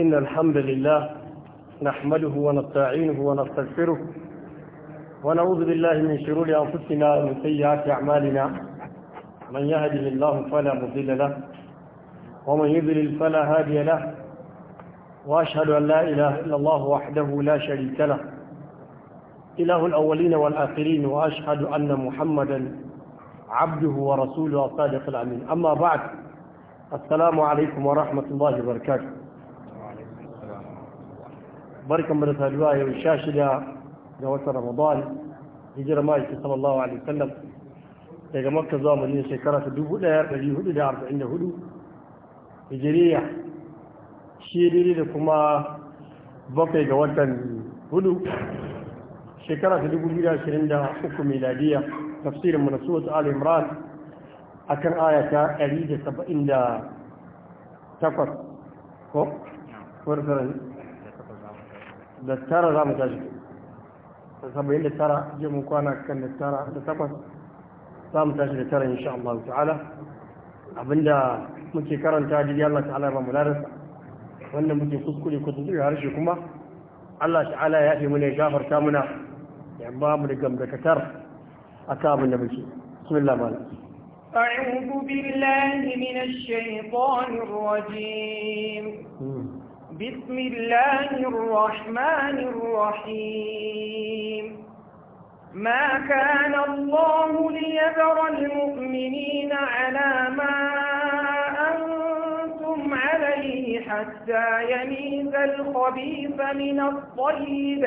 إن الحمد لله نحمده ونستعينه ونستغفره ونعوذ بالله من شرور أنفسنا ومن سيئات أعمالنا من يهده الله فلا مضل له ومن يضلل فلا هادي له وأشهد أن لا إله إلا الله وحده لا شريك له إله الأولين والآخرين وأشهد أن محمدا عبده ورسوله الصادق الأمين أما بعد السلام عليكم ورحمة الله وبركاته barkan mu da saduwa yau sha shida ga watan ramadan hijirar ma'aiki sallallahu alaihi wasallam daga makka zuwa madina shekara ta dubu ɗaya ɗari hudu da arba'in da hudu hijiriya shi daidai da kuma bakwai ga watan hudu shekara ta dubu biyu da ashirin da uku miladiya tafsirin mu na suwatu al imran akan aya ta ɗari da saba'in da takwas ko? da tara za mu tashi da saba'in yadda tara je mun kwana kan da tara da takwas za mu tashi da tara insha Allah ta'ala abinda muke karanta jiri Allah ta'ala ba mu larasa wanda muke kuskure ko tuntuɓe harshe kuma Allah ta'ala ya yi muna ya gafarta muna ya ba mu da gamdakatar a kan abin da muke bismillah malam أعوذ بالله من الشيطان الرجيم بسم الله الرحمن الرحيم ما كان الله ليذر المؤمنين على ما أنتم عليه حتى يميز الخبيث من الطيب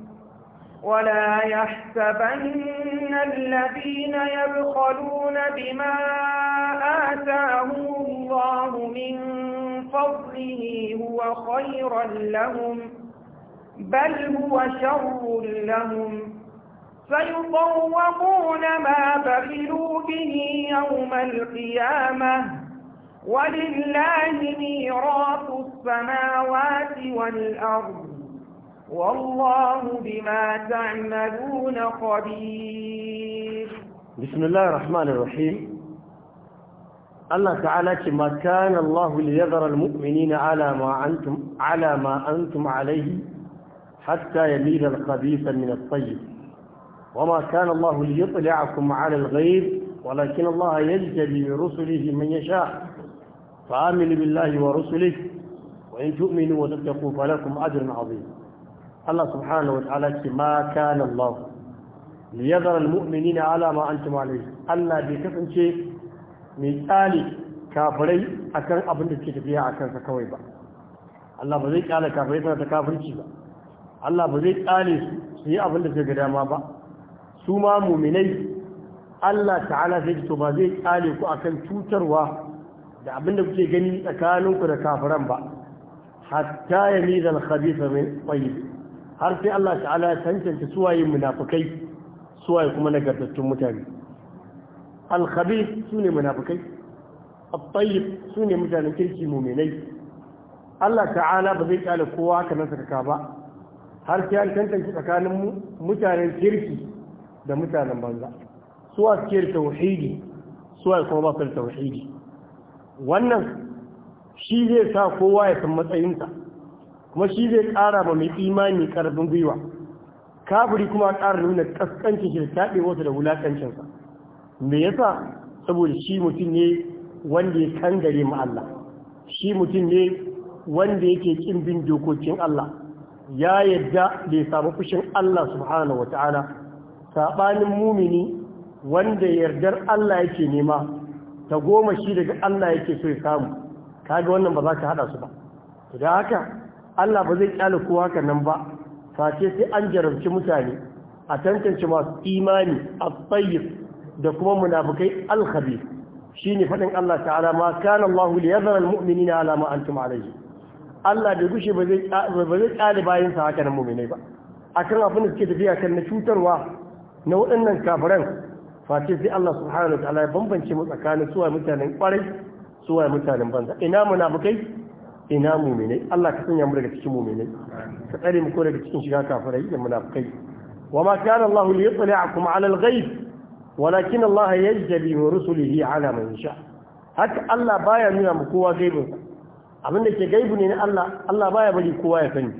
ولا يحسبن الذين يبخلون بما آتاهم الله من فضله هو خيرا لهم بل هو شر لهم فيطوقون ما بخلوا به يوم القيامة ولله ميراث السماوات والأرض والله بما تعملون خبير بسم الله الرحمن الرحيم الله تعالى ما كان الله ليذر المؤمنين على ما أنتم, على ما أنتم عليه حتى يميل الخبيث من الطيب وما كان الله ليطلعكم على الغيب ولكن الله يجتبي برسله من يشاء فآمنوا بالله ورسله وإن تؤمنوا وتتقوا فلكم أجر عظيم Allah subhanahu wa ta'ala ce ma kana Allah liyazara almu'minina ala ma antum alayhi Allah bai kasance mai tsali kafirai akan abin da ke tafiya akan sa kawai ba Allah ba zai kyale kafirai tana ta kafirci ba Allah ba zai kyale su yi abin da ke ga dama ba su ma muminai Allah ta'ala zai sai to ba zai kyale ku akan cutarwa da abin da kuke gani tsakaninku da kafiran ba hatta yamizal khabitha min tayyib har sai Allah ta'ala ya tantance suwaye munafikai suwaye kuma nagartattun mutane al khabith sune munafikai at-tayyib sune mutanen kirki mu'minai Allah ta'ala ba zai kalle kowa haka nan saka ba har sai an tantance tsakanin mutanen kirki da mutanen banza suwa suke tauhidi suwa kuma ba su tauhidi wannan shi zai sa kowa ya san matsayinsa kuma shi zai kara ba mai imani karfin gwiwa kafiri kuma kara nuna kaskancin shi da taɓewarsa da wulaƙancinsa me yasa saboda shi mutum ne wanda ya kangare ma Allah shi mutum ne wanda yake ƙin bin dokokin Allah ya yadda ya samu fushin Allah subhanahu wa ta'ana saɓanin mumini wanda yardar Allah yake nema ta goma shi daga Allah yake so ya samu kaga wannan ba za ka haɗa su ba da haka Allah ba zai kyale kowa ka nan ba face sai an jarabci mutane a tantance masu imani a tsayyar da kuma munafukai Alkhabi, shi shine faɗin Allah ta'ala ma kana Allahu liyadhara al-mu'minina ala ma antum alayhi Allah bai gushe ba zai ba zai kyale bayin sa haka nan mu'minai ba akan abin da suke tafiya kan na cutarwa na waɗannan kafiran face sai Allah subhanahu wa ta'ala ya bambance mu tsakanin suwaye mutanen kwarai suwaye mutanen banza ina munafukai? ina muminai Allah ka sanya mu daga cikin muminai ka tsare mu ko daga cikin shiga kafirai da munafikai wa ma kana Allah li yutla'akum 'ala al ghayb walakin Allah yajli wa rusulihi 'ala man yasha haka Allah baya nuna mu kowa gaibin abin da ke gaibu ne na Allah Allah baya bari kowa ya sani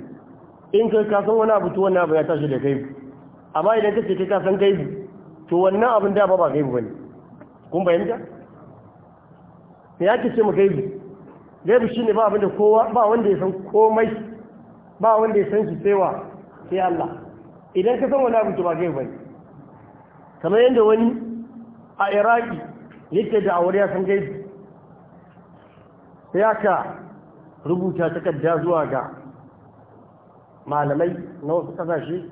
in kai ka san wani abu to wannan abu ya tashi da gaibu amma idan kace kai ka san gaibu to wannan abin da ba ba gaibu bane kun fahimta ya kace ce mu gaibu gaibu shine ba abinda kowa ba wanda ya san komai ba wanda ya san shi sai Allah idan ka san wani abu to ba gaibu bane kamar yadda wani a iraki yake da awar ya san gaibu sai aka rubuta takarda zuwa ga malamai na wasu kasashe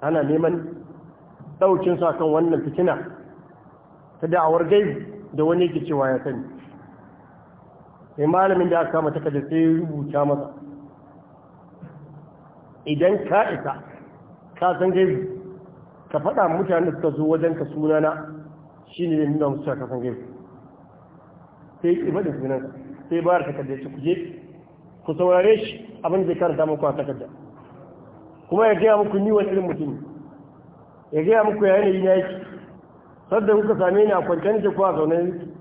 ana neman daukin sa kan wannan fitina ta da'awar gaibu da wani yake cewa ya sani sai malamin da aka kama takarda sai ya rubuta masa idan ka isa ka san gaibi ka faɗa mutane da suka zo wajen ka sunana shi ne nuna musu ka san gaibi sai ya faɗin sunan sai bayar takarda ya ce ku je ku saurare shi abin da karanta muku a takarda kuma ya gaya muku ni wani irin mutum ya gaya muku ya yanayi na yake sadda kuka same ni a kwanciyar da kuwa zaune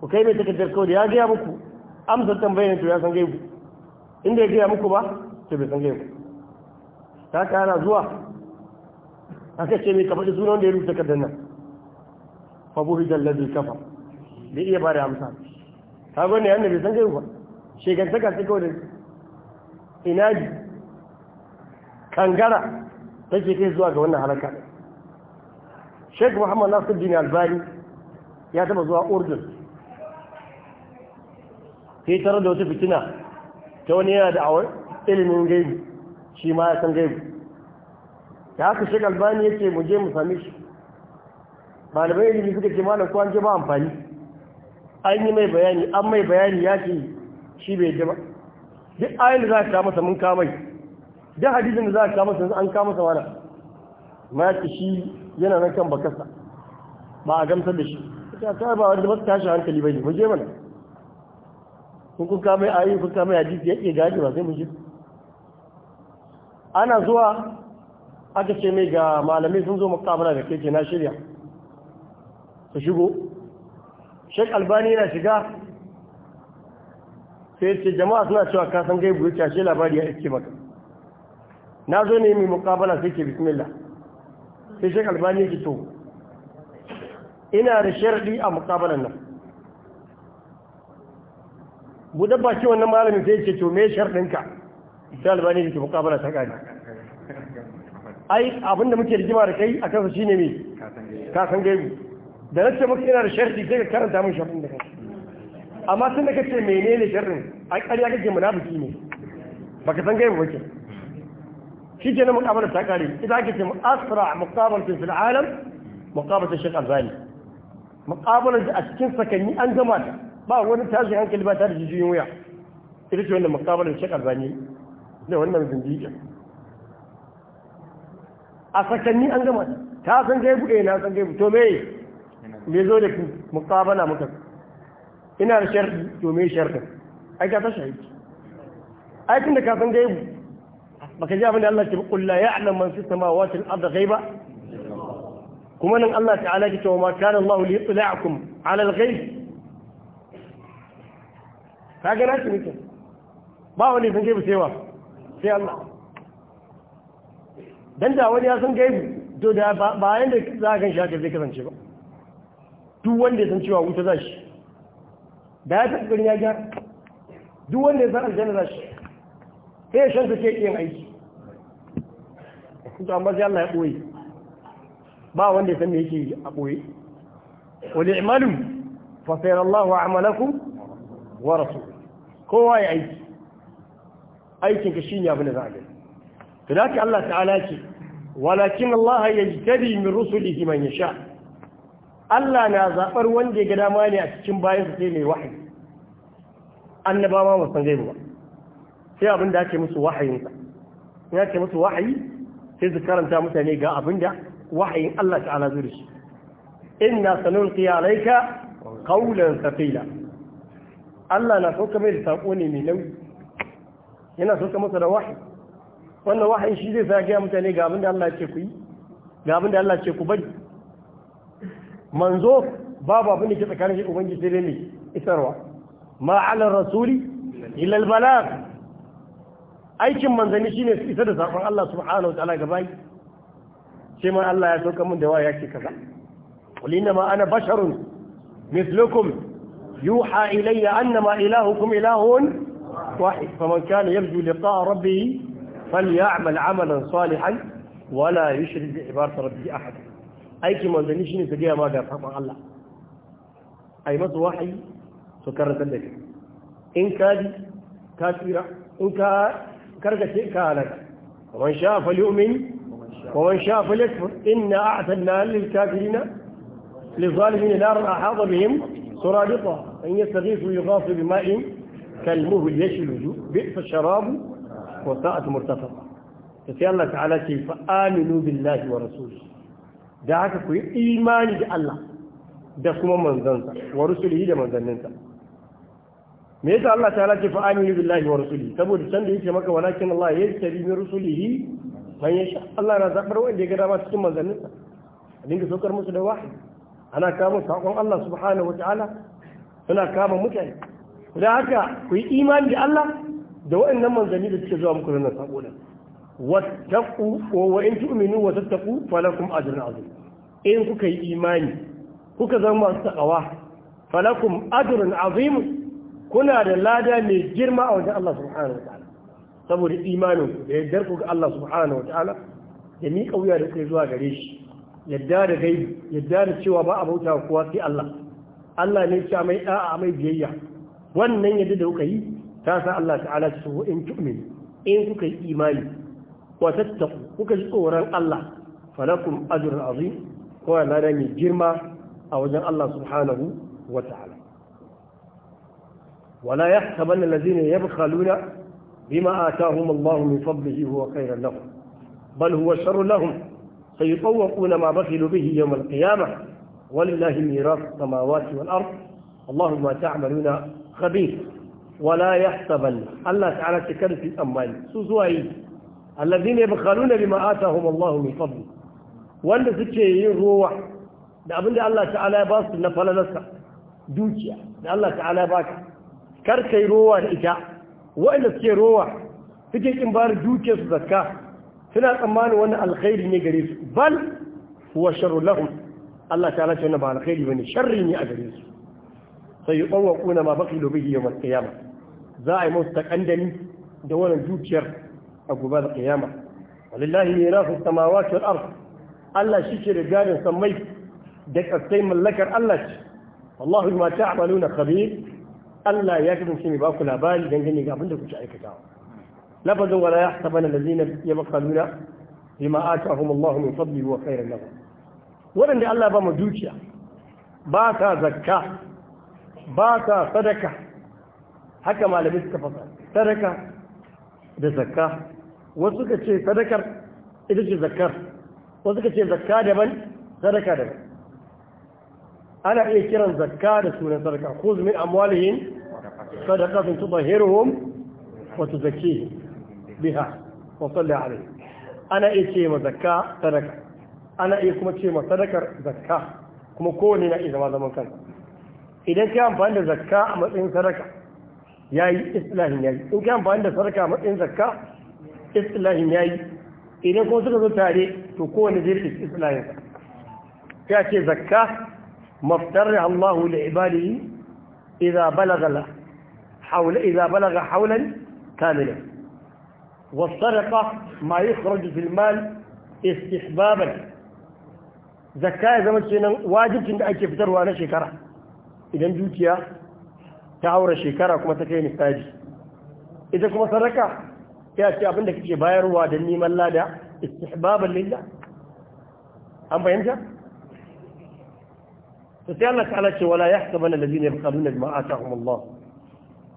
ku kai mai takardar kawai ya gaya muku amsa tambayar to ya san ku inda ya gaya muku ba to bai san ku ta kana zuwa aka ce mai ka faɗi sunan da ya rubuta kaddan nan fa buhi dallazi kafa bai iya bada amsa ta ga yadda bai san ku ba ta sai kawai da inaji kangara ta ke kai zuwa ga wannan halakar Sheikh Muhammad Nasir Din Albani ya taba zuwa Urdun sai tarar da wata fitina ta wani yana da awar ilimin gaibi shi ma ya san gaibi Ya haka shi galbani ya ce mu je mu sami shi malamai ilimin suka ce malam kuwa ce ba amfani an yi mai bayani an mai bayani ya ce shi bai je ba duk ayin da za ka kama mun kamai duk hadisin da za ka masa an kama masa wani ma ya ce shi yana nan kan bakasa ba a gamsar da shi ta ba wanda ba su tashi hankali ba ne mu je mana kun kun kame ayi kun kame hadisi yake gaji ba sai mu ji ana zuwa aka ce mai ga malamai sun zo mukamala da keke na shirya su shigo shek albani yana shiga sai ce jama'a suna cewa kasan gaibu ya ce labari ya iske maka na zo ne mai mukabala sai ke bismillah sai shek albani ya to ina da sharadi a mukabalan nan buɗe baki wannan malamin sai ce to me sharɗinka sai albani da ke mukabala ta gani ai abinda muke rigima da kai a kansa shine me ka san gaibu da nace muka ina da sharɗi sai ka karanta min sharɗin da kai amma tun da kace menene sharɗin a ƙarya kake munafiki ne baka san gaibu ba ke شجنا مقابلة تقاليد إذا قلت أسرع مقابلة في العالم مقابلة a cikin مقابلة an سكني أنجمات ba wani tashin hankali ba ta da jijiyoyin wuya ita ce wanda makabalin shekar zane da wannan zindiƙin a sakanni an gama ta san gaibu ɗaya eh, na san gaibu to me me zo da mukabala muka ina da sharɗi to me sharɗin ai ka ta shahidi ai tun da ka san gaibu baka ji abin da Allah ke kulla ya alam man fi samawati al-ard ghaiba kuma nan Allah ta'ala ke cewa ma kana Allah li yutla'akum ala al-ghaib ka ga nashi ba wani san gaibu sai sai Allah dan da wani ya san gaibu to da ba yanda za ka ganshi haka zai kasance ba duk wanda ya san cewa wuta za shi da ya tafi ya gyara duk wanda ya san aljanna za shi sai ya shanta ce yin aiki to amma sai Allah ya ɓoye ba wanda ya san me yake a ɓoye wani i'malu fa sayara Allahu a'malakum wa rasuluhu kowa ya aiki Aikinka shi ne abin da zaɓe. da Allah ta'ala ce walakin Allah yajtabi min rusulihi man yasha Allah na zabar wanda ya gada mani ne a cikin su sai mai wahayi annabawa ba san gaibu ba sai abin da ake musu wahayin sa Ya ake musu wahayi sai su karanta mutane ga abin da wahayin Allah ta'ala zuri shi inna sanulqi alayka qawlan thaqila Allah na sauka mai da saƙo ne mai nauyi yana sauka masa da wahi wannan wahi shi zai sa gaya mutane ga abin da Allah ce ku yi ga abin da Allah ce ku bari manzo babu abin da ke tsakanin shi ubangiji sai dai ne isarwa ma ala rasuli illa albalagh aikin manzanni shine su isa da saƙon Allah subhanahu wa ta'ala ga bai sai ma Allah ya sauka mun da waya ce kaza qul inna ma ana basharun mithlukum يوحى إلي أنما إلهكم إله واحد فمن كان يرجو لقاء ربه فليعمل عملا صالحا ولا يشرك بعبادة ربه أحدا أي كما ذني شيني تجيه ما قال طبعا الله أي مصر وحي سكرة لك إن كان كثيرا إن كا شيء كالك ومن شاء فليؤمن ومن شاء فليكفر إنا أعتدنا للكافرين للظالمين نارا أحاط بهم سرادقها أن يستغيث يغاث بماء كالمهل يشل بئس الشراب وساءت مرتفقة sai Allah ta'ala ce fa aminu billahi wa rasuli da haka ku yi imani da kuma manzansa wa rusulihi da manzanninsa me yasa Allah ta'ala ce fa aminu billahi wa rasuli saboda can da yake maka walakin Allah ya yastabi min rusulihi man yasha Allah na zabar wanda ya ga dama dinga saukar musu da ana kawo sakon Allah subhanahu wa suna kama mutane da haka ku yi imani da Allah da waɗannan manzanni da suke zuwa muku da sako da wattaqu wa wa in tu'minu wa tattaqu falakum ajrun azim in kuka yi imani kuka zama masu takawa falakum ajrun azim kuna da lada mai girma a wajen Allah subhanahu wa ta'ala saboda imanin ku da yaddar ku ga Allah subhanahu wa ta'ala da ni wuya da kai zuwa gare shi yadda da gaibi yadda da cewa ba a bauta kowa sai Allah Allah ne ya mai da'a mai biyayya wannan yadda da kuka yi ta sa Allah ta'ala ta so in tu'minu in kuka yi imani wa tattaqu kuka ji tsoron Allah falakum ajrun azim ko na da mai girma a wajen Allah subhanahu wa ta'ala wala yahsabanna allazina yabkhaluna bima atahum Allah min fadlihi huwa khairan lahum bal huwa sharrun lahum sayutawquna ma bakhilu bihi yawm al-qiyamah ولله ميراث السماوات والأرض الله ما تعملون خبير ولا يحسبن الله تعالى تكن في الأموال سوزوائي الذين يبخلون بما آتاهم الله من فضل wanda suke yin ruwa da abinda Allah ta'ala ya ba su na falalarsa dukiya da Allah ta'ala ya baka kar kai ruwa da ita wanda suke rowa suke kin bayar dukiyar su zakka suna tsammanin wani alkhairi ne gare su bal huwa sharru lahum Allah ta race wannan ba alkhairi ne sharri ne a gare su sai yawquna ma baqilu bihi yawm al-qiyamah za a yi masu takandani da wannan dukiyar a gobe da qiyama walillahi mirasu samawati wal ard Allah shi ke da gadin samai da kasai mallakar Allah ce wallahi ma ta'maluna kabe Allah ya kasance mai ba ku labari dangane ga abin da kuke aikatawa lafazin wala yahsabanna allazina yabqaluna bima atahum Allah min fadli wa khairan lahum waɗanda Allah ba mu dukiya ba ta zakka ba ta sadaka haka malamai suka fasa sadaka da zakka wasu suka ce sadakar ita ce zakkar wasu suka ce zakka daban sadaka daban ana iya kiran zakka da sunan sadaka ko zumin amwalihin sadaqatun tutahhiruhum wa tuzakkihim biha wa salli alayhi ana iya ce ma zakka sadaka ana iya kuma ce sadakar zakka kuma kowane na iya zama zaman kansa idan ka amfani da zakka a matsayin sadaka ya yi islahin ya yi in ka amfani da sadaka a matsayin zakka islahin ya yi idan kuma suka zo tare to kowane zai fi islahin ya ce zakka maftar Allahu li ibadihi idza balagha حول إذا بلغ حولا كاملا والصدقة ما يخرج في المال استحبابا zakka ya zama kenan wajibcin da ake fitarwa na shekara idan dukiya ta haura shekara kuma ta kai nisabi ita kuma sadaka ya ce abinda kake bayarwa da neman lada istihbaban lillah an fahimta to sai Allah ta'ala ce wala yahsabanna allazina yabqaluna bima atahum Allah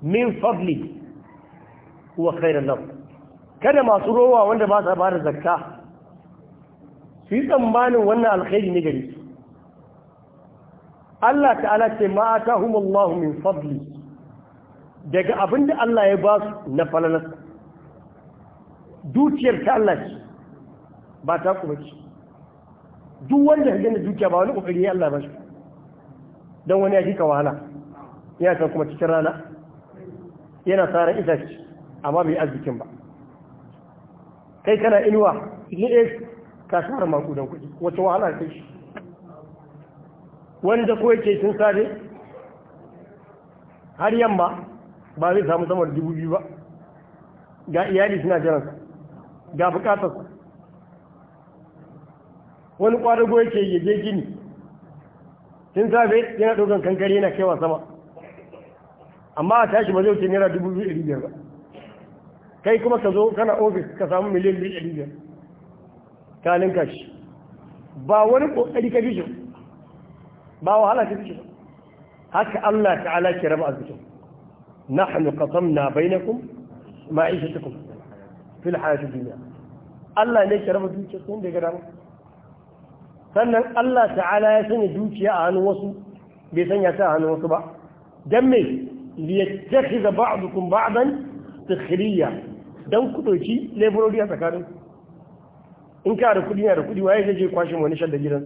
min fadli huwa khairan lahum kada masu rowa wanda ba sa ba da zakka su yi tsammanin wannan alkhairi ne gari. Allah ta'ala ce ma atahumullahu min fadli daga abin da Allah ya ba su na falalar dukiyar ta Allah ce ba ta kuma ce duk wanda ya da dukiya ba wani kokari ya Allah ba shi don wani ya ji wahala ya san kuma cikin rana yana tsara itace amma bai arzikin ba kai kana inuwa ne ka share makudan kuɗi wata wahala kai shi wanda ko yake tun safe har yamma ba zai samu samar dubu biyu ba ga iyali suna jiransa ga bukatarsa wani kwadago yake ya je gini tun safe yana ɗaukan kankare yana kaiwa sama amma a tashi ba zai wuce naira dubu biyu ba kai kuma ka zo kana ofis ka samu miliyan biyu ka ninka shi ba wani kokari ka bishin ba wahala ta ce haka Allah ta'ala ke raba azuki nahnu qasamna bainakum ma'ishatukum fil hayati dunya Allah ne ke raba dukiya sun da gaba sannan Allah ta'ala ya sanya dukiya a hannun wasu bai sanya ta a hannun wasu ba dan me liyattakhidha ba'dukum ba'dan sukhriya dan ku dauki laborori a tsakaninku in ka da kudi na da kudi waye zai je kwashe wani shadda gidan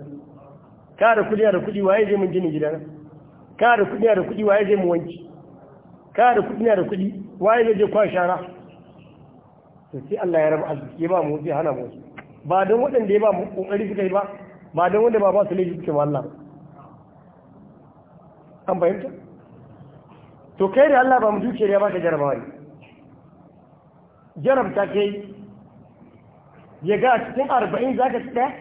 ka da kudi na da kudi waye zai mun gini gidan ka da kudi na da kudi waye zai mu wanki ka da kudi na da kudi waye zai je kwashe shara to sai Allah ya rabu arziki ya ba mu zai hana mu ba don waɗanda ya ba mu kokari suka yi ba ba don wanda ba ba su laifi suke ba Allah an fahimta to kai da Allah ba mu zuciya ya baka jarabawa ne jarabta kai ya ga a cikin arba'in za ka ci ɗaya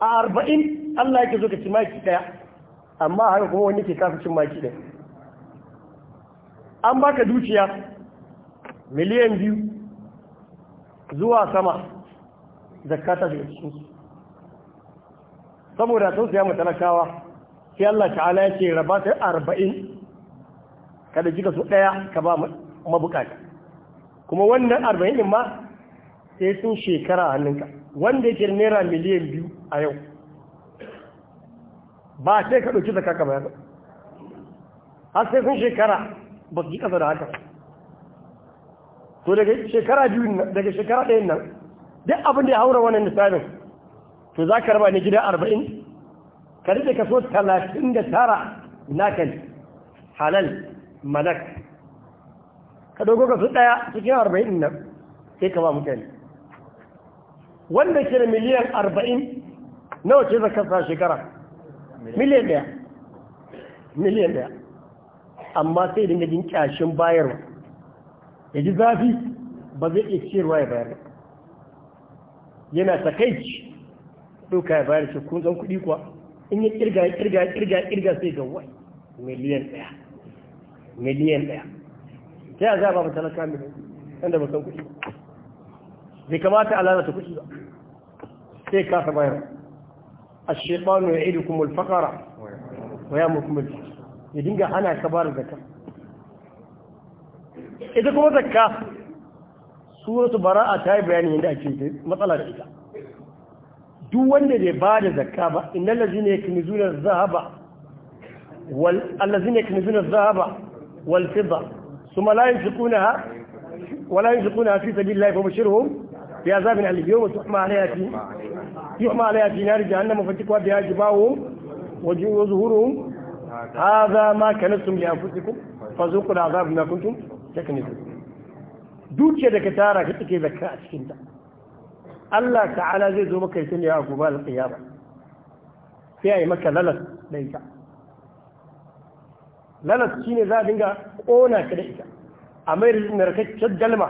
a arba'in Allah yake zo ka ci maki ɗaya amma haka kuma wani ke kafin cin maki ɗaya an baka dukiya miliyan biyu zuwa sama zakata daga cikinsu saboda sun siya matalakawa sai Allah ta'ala ya ce raba ta arba'in kada jika su ɗaya ka ba mabukata kuma wannan arba'in ma sai sun shekara hannunka wanda yake naira miliyan biyu a yau ba sai ka ɗauki zaka kamar yadda har sai sun shekara ba su yi ƙasa da haka to daga shekara biyu daga shekara ɗayan nan duk abin da ya haura wannan misalin to za ka raba ne gida arba'in ka rike kaso talatin da tara nakan halal malak ka dogo kaso ɗaya cikin arba'in nan sai ka ba mutane wanda ke da miliyan arba'in nawa ce sa shekara miliyan daya miliyan daya amma sai dinga jin kyashin bayarwa ya ji zafi ba zai iya ciyarwa ya bayar yana takaici doka ya bayar shi kun zan kuɗi kuwa in ya kirga ya kirga ya kirga ya kirga sai ga wai miliyan daya miliyan daya ta yaza ba matalaka miliyan yadda ba san kuɗi bai kamata a lalata kuɗi ba sai kasa bayar a الشيطان يعيدكم الفقر ويامركم wa ya ya dinga hana ka bada zakka ita kuma zakka suratu bara'a ta yi bayani yadda ake matsala da ita duk wanda bai ba da zakka ba innal ladzina yaknizuna dhahaba wal allazina yaknizuna dhahaba wal fidda thumma la yunfiqunaha wala yunfiqunaha fi sabilillahi fa bashirhum بعذاب اليوم تحمى عليها في يحمى عليها في نار جهنم فتكوى بها جباههم وظهورهم هذا ما كنتم لانفسكم فذوقوا العذاب بما كنتم تكنزون دوكيا da ka tara ka take zakka a cikin Allah ta'ala zai zo maka yace ne a gobe al sai ai maka lalas da lalas shine za a dinga kona ka da ita a mai narkakken dalma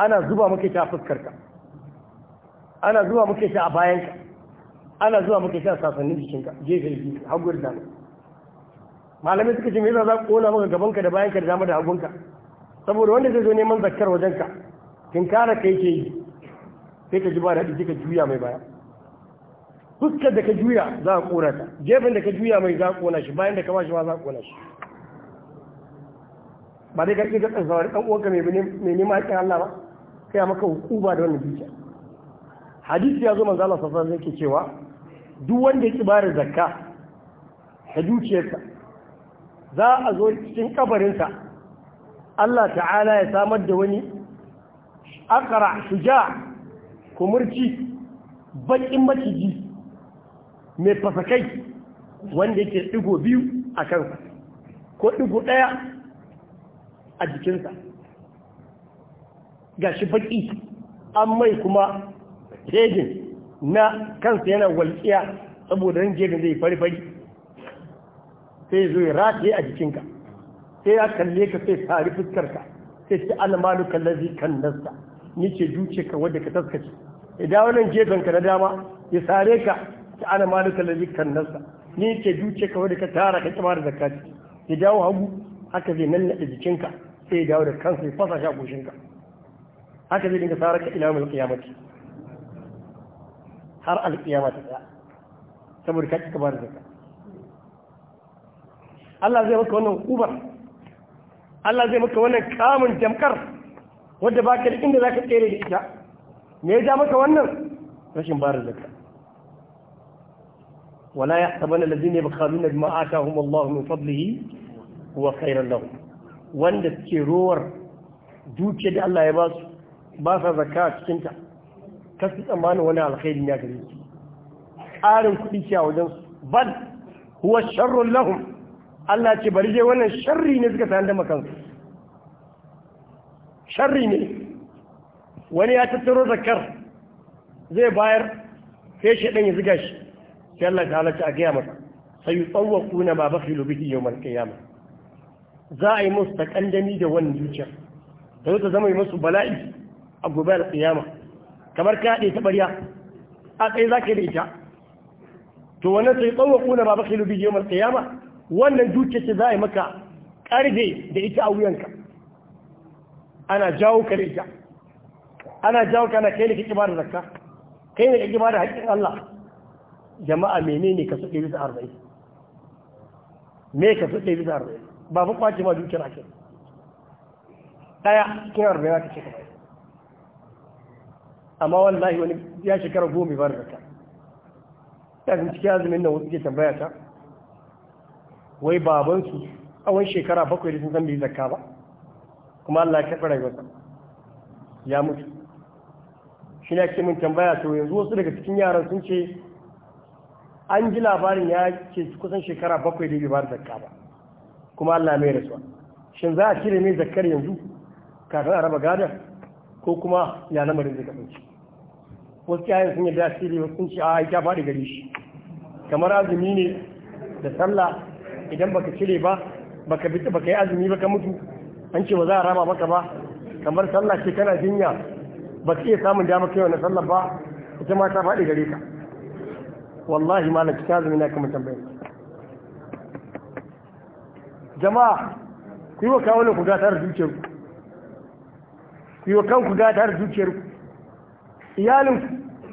ana zuba muke shi a fuskarka ana zuba muke shi a bayanka ana zuba muke shi a sasannin jikinka gefen jiki hagu da dama malamai suka ce me yasa za ku kona maka gabanka da bayanka da dama da hagunka saboda wanda zai zo neman zakkar wajenka tinkara kai ke yi sai ka ji ba daɗi ka juya mai baya fuskar da ka juya za a kona ta gefen da ka juya mai za a kona shi bayan da ka ba shi ma za a kona shi ba dai ka ƙi ka tsansa ɗan uwanka mai neman haƙƙin Allah ba kai maka hukuma da wannan dukiya hadisi ya zo manzo Allah sallallahu alaihi yake cewa duk wanda ya kibar zakka ta dukiyarsa za a zo cikin kabarinsa Allah ta'ala ya samar da wani akara shuja kumurci bakin maciji mai fasakai wanda yake digo biyu a kansa ko digo daya a jikinsa gashi baki an mai kuma jejin na kansa yana walƙiya saboda ran jejin zai fari-fari sai zo ya rataye a jikinka sai ya kalle ka sai tari fuskarka sai ce ana kallazi kan nasta ni ce duce ka wadda ka taskace idan wannan gefen ka na dama ya sare ka ta ana kallazi kan nasta ni ce duce ka wadda ka tara ka kima da zakati ya dawo hagu haka zai nannaɗe jikinka sai ya dawo da kansa ya fasa shi a ka. haka zai dinga sarar ka ila mai kiyamati har alkiyama ta tsaya saboda ka kika bada zakka Allah zai maka wannan kubar Allah zai maka wannan kamun jamkar wadda ba ka da inda za ka tsere da ita me ya ja maka wannan rashin bada zakka ولا يحسبن الذين يبخلون بما آتاهم الله من فضله هو خيرا لهم wanda suke rowar dukiyar da Allah ya ba ba sa zakka a cikinta ta su tsammanin wani alkhairi ya gare su ƙarin kuɗi ce a wajen su bal huwa sharrun lahum Allah ce bari dai wannan sharri ne suka sayan da makansu sharri ne wani ya tattaro zakar zai bayar sai shi ɗan ya ziga shi sai Allah ta halarci a gaya masa sai yi tsawon kuna ma bafi lubihi yau mal kiyama za a yi musu takandami da wannan zuciya da zai zama yi musu bala'i a gobe da tsiyama kamar ka ɗaya ta ɓarya a tsaye za ka yi da ita to wannan sai tsawo kuna ba bakilu biyu yau tsiyama wannan dukiyar ce za a yi maka ƙarfe da ita a wuyanka ana jawo ka da ita ana jawo ka na kai ne kake ba da zakka kai ne kake ba da haƙƙin Allah jama'a menene ka suke bisa arba'in me ka suke bisa arba'in ba fa kwace ma dukiyar ake ɗaya kina arba'in ka ce ka amma wallahi wani ya shekara goma ba da ta ga cikin azumin nan wasu ke tambaya ta wai babansu wani shekara bakwai da sun san bai zakka ba kuma Allah ya karɓi rayuwarsa ya mutu shi ne ake mun tambaya to yanzu wasu daga cikin yaran sun ce an ji labarin ya ce kusan shekara bakwai da bai ba da zakka ba kuma Allah mai rasuwa shin za a cire mai zakkar yanzu kafin a raba gadon ko kuma ya lamarin zai kasance wasu yayin sun yi dasiri ne sun ce a ya faɗi gare shi kamar azumi ne da sallah idan baka cire ba baka baka yi azumi ba ka mutu an ce ba za a rama maka ba kamar sallah ce kana jinya ba ka iya samun dama kai wannan sallah ba ita ma ta faɗi gare ka wallahi malam ki azumi na kuma tambaye jama'a ku yi wa kawo ku da zuciyarku ku yi wa kanku gatar zuciyarku iyalin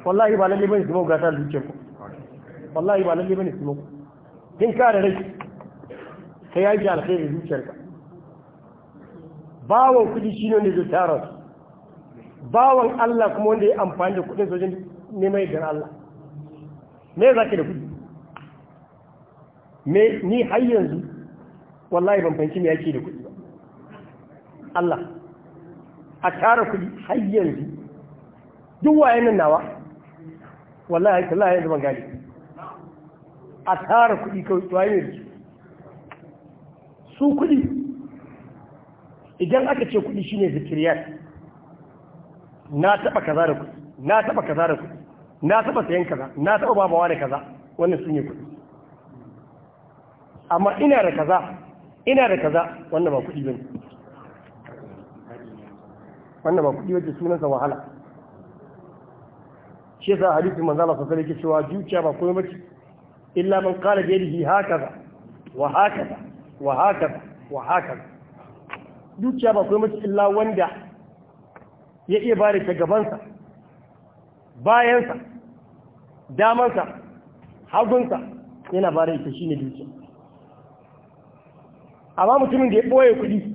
wallahi ba lalle bane su mau gata da zuciyar ku wallahi ba lalle bane su din ka da rai sai ya ji alkhairi zuciyar ka bawon kudi shine ne da tara bawon Allah kuma wanda ya amfani da kudin sojin neman yadda Allah me za ki da kudi me ni har yanzu wallahi ban fahimci me yake da kudi ba Allah a tara kudi har yanzu duk wayan nan nawa wallahi ta yanzu ban gane a tara kuɗi kawai waye ne su su kuɗi idan aka ce kuɗi shine zikiriyar na taɓa kaza da kuɗi na taɓa kaza da kuɗi na taɓa sayan kaza na taɓa babawa da kaza wannan sun yi kuɗi amma ina da kaza ina da kaza wannan ba kuɗi bane wannan ba kuɗi wajen sunansa wahala shi yasa hadisi manzo Allah sallallahu alaihi cewa zuciya ba komai bace illa man qala bi yadihi hakaza wa hakaza wa hakaza wa hakaza zuciya ba komai bace illa wanda ya iya bare ta gabansa bayansa damansa sa yana bare ita shine zuciya amma mutumin da ya boye kuɗi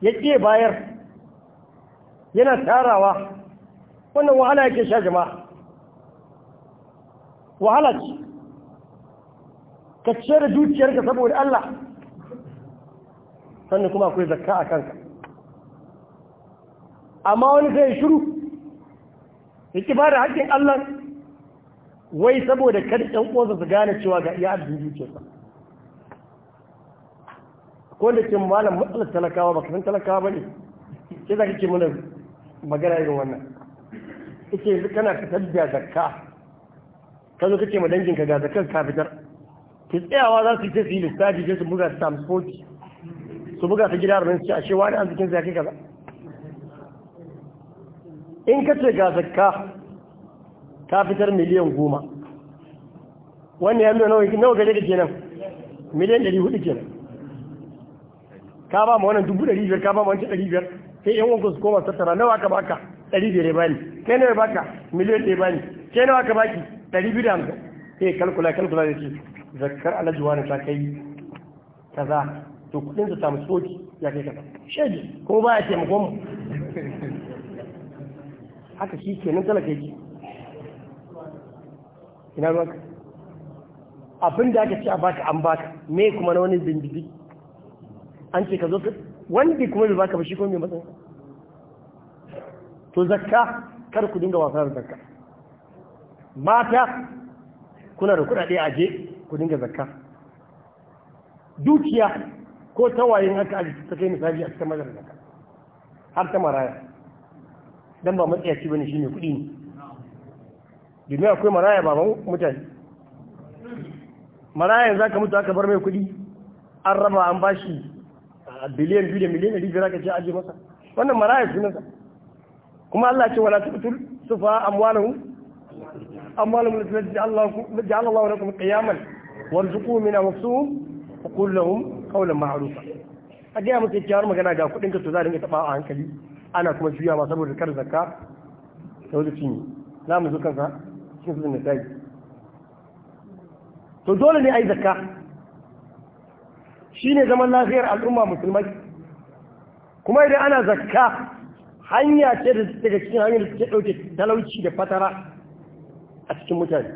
ya ke bayar yana tarawa wannan wahala yake sha jama'a wahala ce ka ciyar da dukiyarka saboda Allah sannan kuma akwai zakka a kanka amma wani sai shiru yake ba da haƙƙin Allah wai saboda kada ƴan uwansa su gane cewa ga iya arzikin dukiyarsa ko da ke malam matsalar talakawa ba kafin talakawa ba ne ke za ka ke mana magana irin wannan kuke yanzu kana fitar da zakka ka zo kace ma ka ga zakkar ka fitar ki tsayawa za su yi tafi su yi lissafi sai su buga su samu su buga ta gida rumin su a shewa da arzikin sa kai kaza in ka ce ga zakka ka fitar miliyan goma wannan ya nuna nawa nawa gare ke nan miliyan ɗari hudu kenan ka ba ma wannan dubu ɗari biyar ka ba ma wancan ɗari biyar sai yan uwanku su koma tattara nawa ka baka ɗari biyar ya bani kai ne baka miliyan ɗaya bani kai nawa ka baki ɗari biyu da hamsin sai eh, kalkula kalkula da ce zakkar alhaji wani ta kai kaza to kudin su samu soki ya kai kaza shege kuma ba ya taimakon mu haka shi ke nan talaka yake ina ka. abin da aka ce a baka an baka me kuma na wani bindidi an ce ka zo ka wanda kuma bai baka ba shi kuma mai matsayi to zakka kar ku dinga wasa da zakka mata kuna da kuɗaɗe a je ku dinga zakka dukiya ko tawayen haka aji ta kai misali a cikin mazar zakka har ta maraya dan ba matsayaci bane shine kuɗi ne domin akwai maraya baban mutane maraya yanzu aka mutu aka bar mai kuɗi an raba an bashi biliyan biyu da miliyan ɗari biyar aka ce aje masa wannan maraya sunansa kuma Allah ce wala tubtul sufa amwalahum amwalahum allati ja'ala Allah lakum qiyaman warzuqu min amsum wa qul lahum qawlan ma'rufa a ga muke kyawar magana ga kudin ka to za dinga taba a hankali ana kuma juya ma saboda kar zakka ta wuce cinye za mu zo kansa cikin sunan misali to dole ne ai zakka shine zaman lafiyar al'umma musulmai kuma idan ana zakka hanya ce da daga cikin hanyar da take ɗauke talauci da fatara a cikin mutane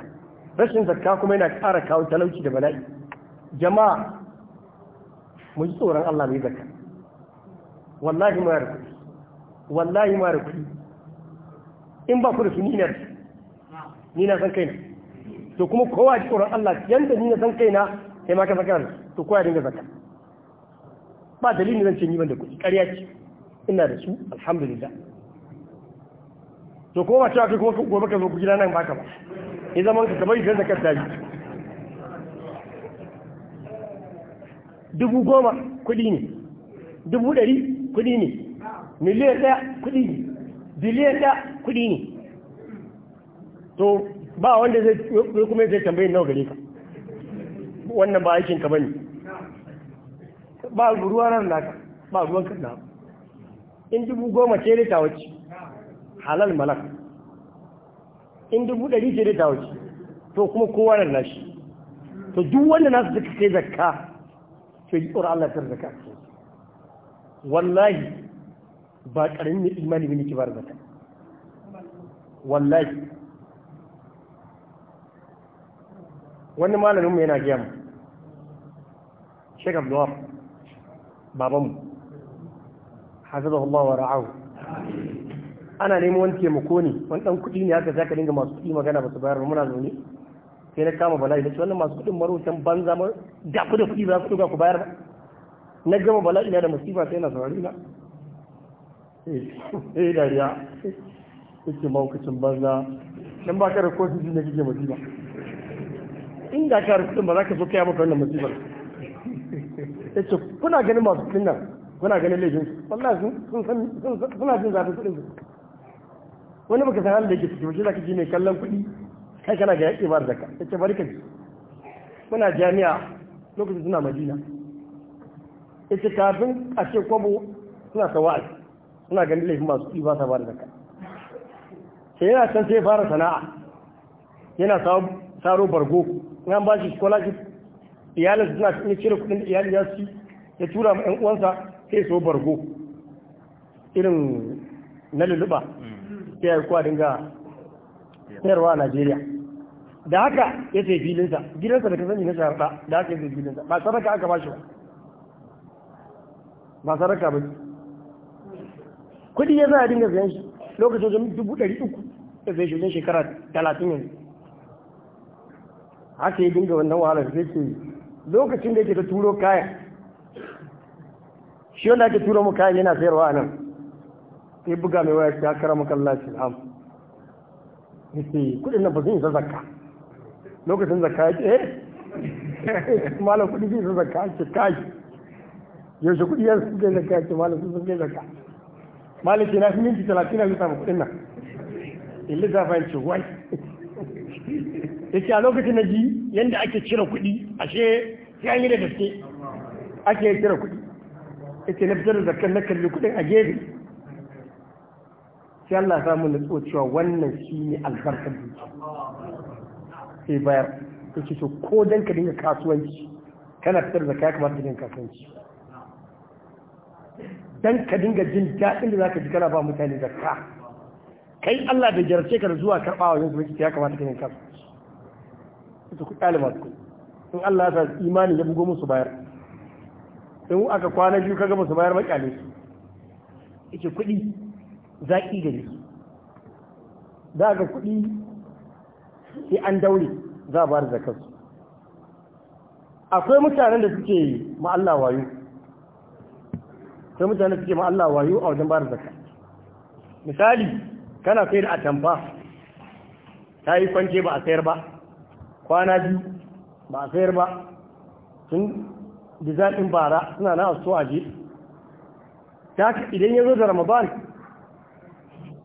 rashin zakka kuma yana ƙara kawo talauci da bala'i jama'a mu ji tsoron Allah mai zakka wallahi ma da wallahi ma da in ba ku da su ni na na san kaina to kuma kowa ji tsoron Allah yanda ni na san kaina sai ma ka saka to kowa dinga zakka ba dalilin zan ce ni ban da kuɗi ƙarya ce ina da su alhamdulillah to ko ba ta kai ko gobe ka zo gida nan baka ba in zaman ka kamar yadda ka ta yi dubu goma kuɗi ne dubu ɗari kuɗi ne miliyan ɗaya kuɗi ne biliyan ɗaya kuɗi ne to ba wanda zai kuma zai tambayi nawa gare ka wannan ba aikin ka bane ba ruwa ran naka ba ruwan kan naka in dubu goma ce dai ta wuce halal malak in dubu ɗari ce dai ta wuce to kuma kowa na nashi to duk wanda nasu suka kai zakka to yi ƙura Allah ta zakka wallahi ba ƙaramin imani ne ki bar zakka wallahi wani malaminmu yana gaya mu shek abdullahi babanmu حفظه الله ورعاه انا نيمو انت مكوني وان كدي ني هكذا كان ما سكي ما كان بس بار من ازوني كده كما بلاي ده شلون ما سكي مرو كان بنزا ما دابو ده في بس كوكا كبار نجم بلاي ده مصيبه تينا سوالينا ايه ايه داريا كنت ما كنت بنزا كان باكر كوس دي نجي جي مصيبه ان ذاكر كنت ما ذاك سوكي ابو كان مصيبه ايه شوف كنا جنب مصيبه kuna ganin laifin su wallahi sun suna jin zafin kuɗin su wani baka san halin da yake ciki ba shi zaka ji mai kallon kuɗi kai kana ga yaƙi bar zaka yace bari ka ji muna jami'a lokacin suna madina yace kafin a ce kwabo suna sawa'a suna ganin laifin masu kuɗi ba sa bar zaka sai yana can sai fara sana'a yana saro bargo in an ba shi scholarship iyalin suna cire kuɗin da iyali ya su ya tura ma 'yan uwansa ke so bargo irin na luluba sai ya kuwa dinga sayarwa a Najeriya da haka ya ce filinsa gidansa da ka sani na shahararra da haka ya ce filinsa ba saraka aka bashi ba ba saraka ba kudi ya za a dinga sayan shi lokacin wajen dubu ɗari uku da zai wajen shekara talatin yanzu haka ya dinga wannan wahalar zai ce lokacin da yake ta turo kayan. shi wanda ake turo mu kayan yana sayarwa a nan sai buga mai waya ta kara maka Allah shi ham yace kudin nan ba zai isa zakka lokacin zakka yake eh malam kudi zai isa zakka ake kai yaushe kudi ya su zai zakka ake malam sun zai zakka malam ke na fi minti talatin a lissa ma kudin nan in za yin ce wai yace a lokacin na ji yadda ake cire kudi ashe sai an yi da gaske ake cire kudi ita na fitar da zakkan na kalli kudin a gefe sai Allah samu na cewa wannan shine albarkar duki sai bayar ta ce ko dan ka dinga kasuwanci kana fitar da kaya kamar dinga kasuwanci dan ka dinga jin daɗin da za ka ji kana ba mutane ka kai Allah da jarce ka zuwa wa yanzu kake ya kamata ka dinga kasuwanci ita ku ɗaliba ku in Allah ya sa imanin ya bugo musu bayar in aka kwana biyu kaga musu bayar makyale su yake kuɗi zaƙi gare su za ga kuɗi sai an daure za a bayar zakar su akwai mutanen da suke ma'alla wayo akwai mutanen da suke ma'alla wayo a wajen bayar zakar misali kana sai da atamfa ta yi kwance ba a sayar ba kwana biyu ba a sayar ba da ɗin bara suna na su aje ta idan ya zo da ramadan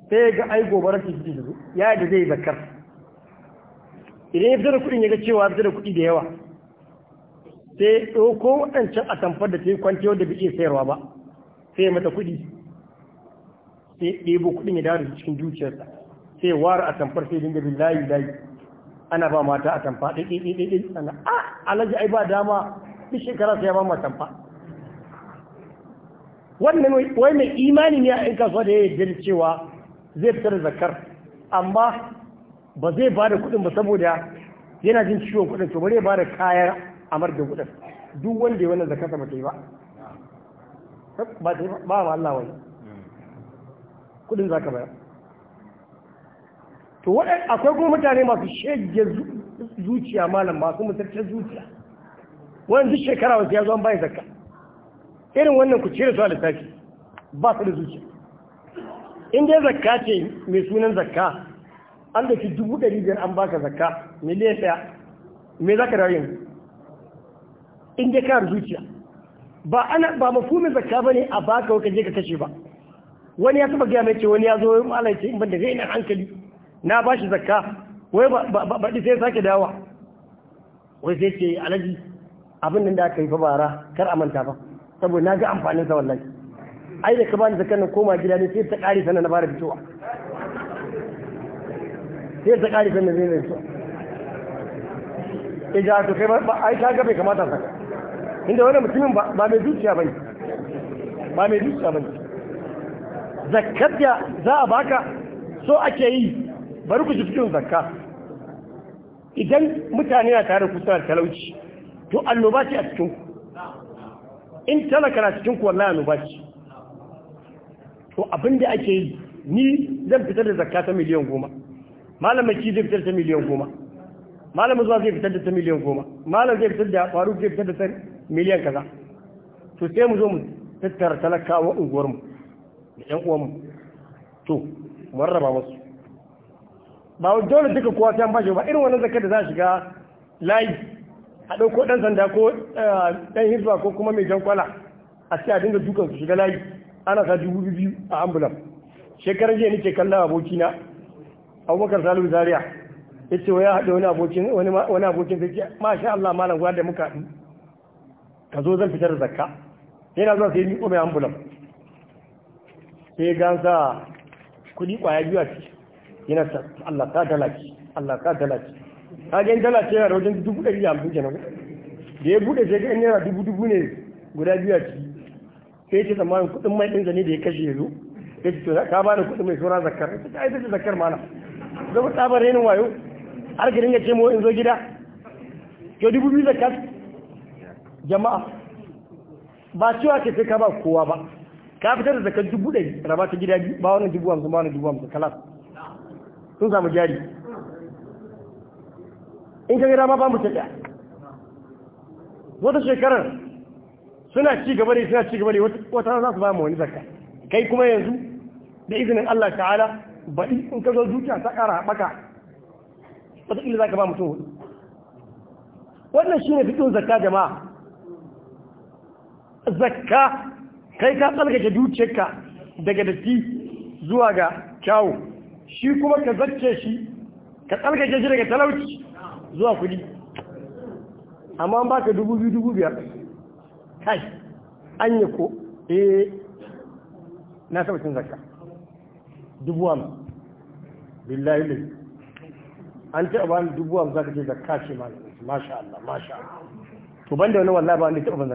sai ga ai gobara ta fi da ya yi da zai zakar idan ya fi da kuɗin ya ga cewa fitar da kuɗi da yawa sai ɗauko waɗancan a tamfar da ta yi kwanci wadda bai sayarwa ba sai mata kuɗi sai ɗebo kuɗin ya dawo da cikin dukiyarsa sai ware a tamfar sai dinga bin layi layi ana ba mata a tamfa ɗaiɗaiɗaiɗaiɗai ah, ai ba dama duk shekara sai ya ba mu wannan wai mai imani ne a yan kasuwa da ya yarda cewa zai fitar zakar amma ba zai ba da kuɗin ba saboda yana jin ciwon kuɗin to bari ya ba da kayan amar da kudin duk wanda ya wannan zakar ba ta yi ba ba ma Allah wani kuɗin za ka bayar to akwai kuma mutane masu shege zuciya malam masu mutaccen zuciya wanzu duk shekara wasu ya zo an bai zakka irin wannan ku cire su a lissafi ba su da zuciya in dai zakka ce mai sunan zakka an da dubu ɗari biyar an baka zakka miliyan ɗaya me za ka rayu in dai ka zuciya ba ana ba mafumin zakka bane a baka ka je ka kashe ba wani ya taba gaya mai ce wani ya zo malai ce ban daga ina hankali na bashi zakka wai ba ba sai sake dawa wai sai ce alaji abin nan da aka yi fa bara kar a manta fa saboda na ga amfanin sa wallahi ai da ka bani zakar nan koma gida ne sai ta kare sannan na fara fitowa sai ta kare sannan zai fitowa e eh, ja to kai ba ai ka ga bai kamata saka inda wannan mutumin ba mai zuciya bane ba mai zuciya bane zakat ya za a baka so ake yi bari ku ji cikin zakka idan mutane na tare kusa talauci to annoba ce a cikinku, in talaka na cikin wallahi annoba ce to abin da ake yi ni zan fitar da zakka ta miliyan goma malamai ki zai fitar ta miliyan goma malamai zuwa zai fitar da ta miliyan goma malam zai fitar da faru zai fitar da ta miliyan kaza to sai mu zo mu tattara talakawa unguwarmu da yan uwanmu to mu rarraba musu ba dole duka kowa sai an bashi ba irin wannan zakar da za a shiga layi a ɗauko ɗan sanda ko eh, ɗan hisba ko kuma mai jankwala a sai a dinga dukan su shiga layi ana sa dubu biyu a ambulan shekarar jiya nake kallon abokina abubakar salihu zaria ya ce ya haɗe wani abokin wani abokin sai ce masha Allah malam gwada da muka ka zo zan fitar da zakka yana zuwa sai miƙo mai ambulan sai gansa kuɗi ƙwaya biyu a ciki yana Allah ka dalaci Allah ka dalaci kagen dala ce yana wajen dubu ɗari a hamsin kenan da ya buɗe sai kan yana dubu dubu ne guda biyu a ciki sai ya ce tsammanin kuɗin mai ɗinsa ne da ya kashe yanzu ya ce ta ba da kuɗin mai sauran zakar ta ce ai ta ce zakar mana zama tsabar renin wayo har ka dinga ce mawa in zo gida to dubu biyu zakar jama'a ba cewa ke sai ka ba kowa ba ka fitar da zakar dubu ɗari raba ta gida ba wani dubu hamsin ba wani dubu hamsin kalas sun samu jari in ka gida ma ba mu ta ɗaya wata shekarar suna ci gaba ne suna ci gaba ne wata za su ba mu wani zakka kai kuma yanzu da izinin Allah ta'ala baɗi in ka zo zuciya ta ƙara haɓaka ila za ka ba mutum hudu wannan shi ne fitin zakka jama'a zakka kai ka tsarkake dukiyarka daga datti zuwa ga kyawu shi kuma ka zacce shi ka tsarkake shi daga talauci zuwa kudi amma an baka dubu biyu dubu biyar kai an yi ko eh na saba cin dubu ham billahi lai an ce bani dubu ham zaka ce zaka ce ma masha Allah masha Allah to banda wani wallahi ba wanda taɓa ban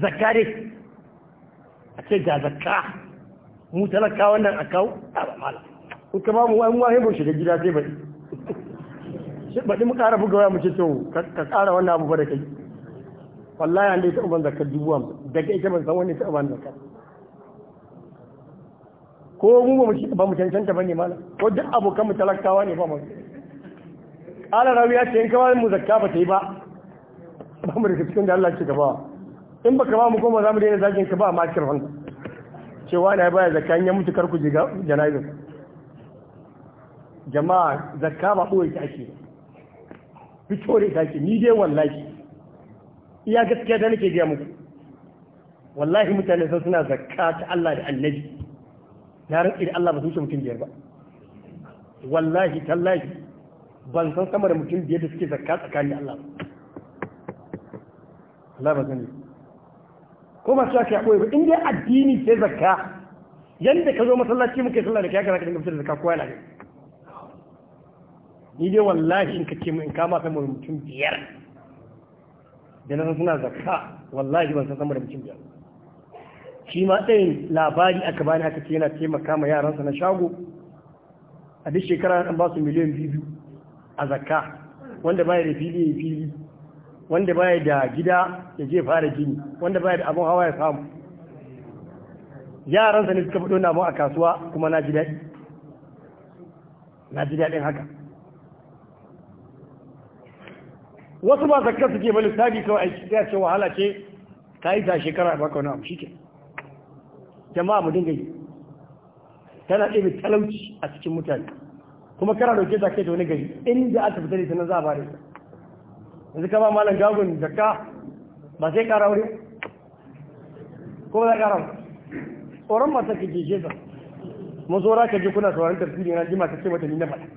Zaka zakka dai a ce ga zaka. mu talaka wannan a kawo a ba mala in kama ba mu wani wani ban shiga gida zai bari baɗi mu ƙara bugawa mu ce to ka ƙara wannan abu ba da kai wallahi an dai taɓa ban zakar dubu hamsin daga ita ban san wani taɓa uban zakar ko mu ba mu cancanta ba ne mala ko duk abokan mu talakawa ne ba mu ala rawi ya ce in kawai mu zakka ba ta yi ba ba mu daga cikin da Allah ce gaba in baka ba mu koma za mu daina zagin ka ba ma kirfan cewa na baya zakka in ya mutu kar ku jiga janaiza jama'a zakka ba ɓoye ta ake ba fito da zaki ni dai wallahi iya gaskiya da nake gaya muku wallahi mutane sun suna zakka ta Allah da annabi na rantsi da Allah ba su wuce mutum biyar ba wallahi tallahi ban san sama da mutum biyar da suke zakka tsakanin Allah ba Allah ba sani ko ba shaka koyi ba in dai addini sai zakka yanda ka zo masallaci muke sallah da kai ka zaka dinga fitar da zakka kowa yana ne ni dai wallahi in ka in kama sama da mutum biyar da na suna zakka wallahi ban san sama da mutum biyar shi ma ɗayin labari aka bani aka ce yana taimaka ma yaransa na shago a duk shekara an ba su miliyan biyu a zakka wanda baya da fili ya fili wanda baya da gida ya je fara gini wanda baya da abin hawa ya samu yaransa ne suka fito na mu a kasuwa kuma na ji daɗi na ji daɗin haka wasu ba zakka suke ba lissafi kawai aiki ya ce wahala ce ta yi ta shekara ba kawai na abu ke jama'a mu dinga yi tana ɗaya talauci a cikin mutane kuma kara dauke ta kai ta wani gari inda aka fitar da nan za a bare ta yanzu ka ba malam gagun zakka ba sai kara wuri ko za kara wuri tsoron masu ta shesa mazora ka ji kuna sauran tafsiri na jima ta ce mata ni na faɗa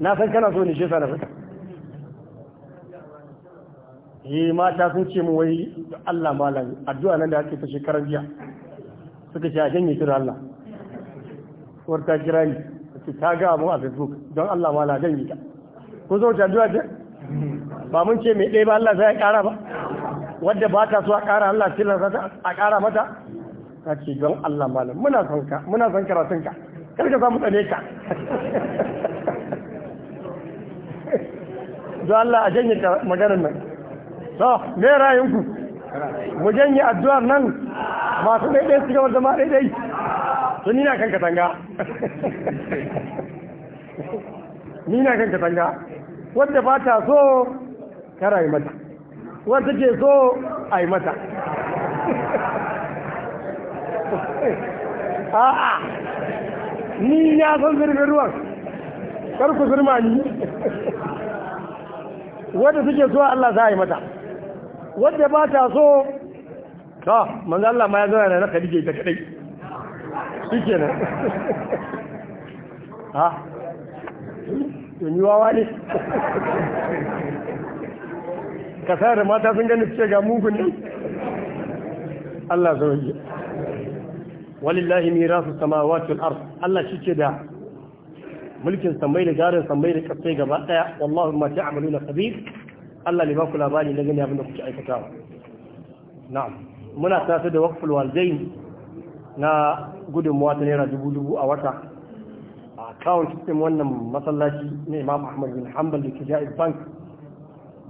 na san kana so ne shesa na faɗa he eh, mata sun ce mu wai Allah malami addu'a nan da ake ta shekarar jiya suka ce a janye da Allah uwar ta kira ni ta ga mu a Facebook don Allah malam janye ta ko zo ta addu'a ta ba mun ce mai ɗaya ba Allah sai ya ƙara ba wadda ba ta so a ƙara Allah ce a ƙara mata ta ce don Allah malami muna son ka muna son karatun ka kar ka samu tsane ka don Allah a janye maganar nan to me ra'ayinku mu janye addu'ar nan masu daidai su gaba zama dai to ni na kan katanga ni na kan katanga wanda ba ta so kara yi mata wanda ke so a yi mata a'a ni ya san zirgin ruwan kar ku zirma ni suke so Allah za a yi mata wadda ba ta so ta manzo Allah ma ya zo yana na Khadija ita kadai shikenan ha to ni wawa ne kasar da mata sun gani suke ga mugun ne Allah sauye walillahi mirasu samawati wal ard Allah shike da mulkin samai da garin samai da kasai gaba daya wallahu ma ta'maluna khabir Allah ne ba ku labari na gani abin da kuke aikatawa na'am muna tafi da waqful walidain na gudunmuwa ta naira dubu dubu a wata a kawon din wannan masallaci na Imam Ahmad bin Hanbal da Kijai Bank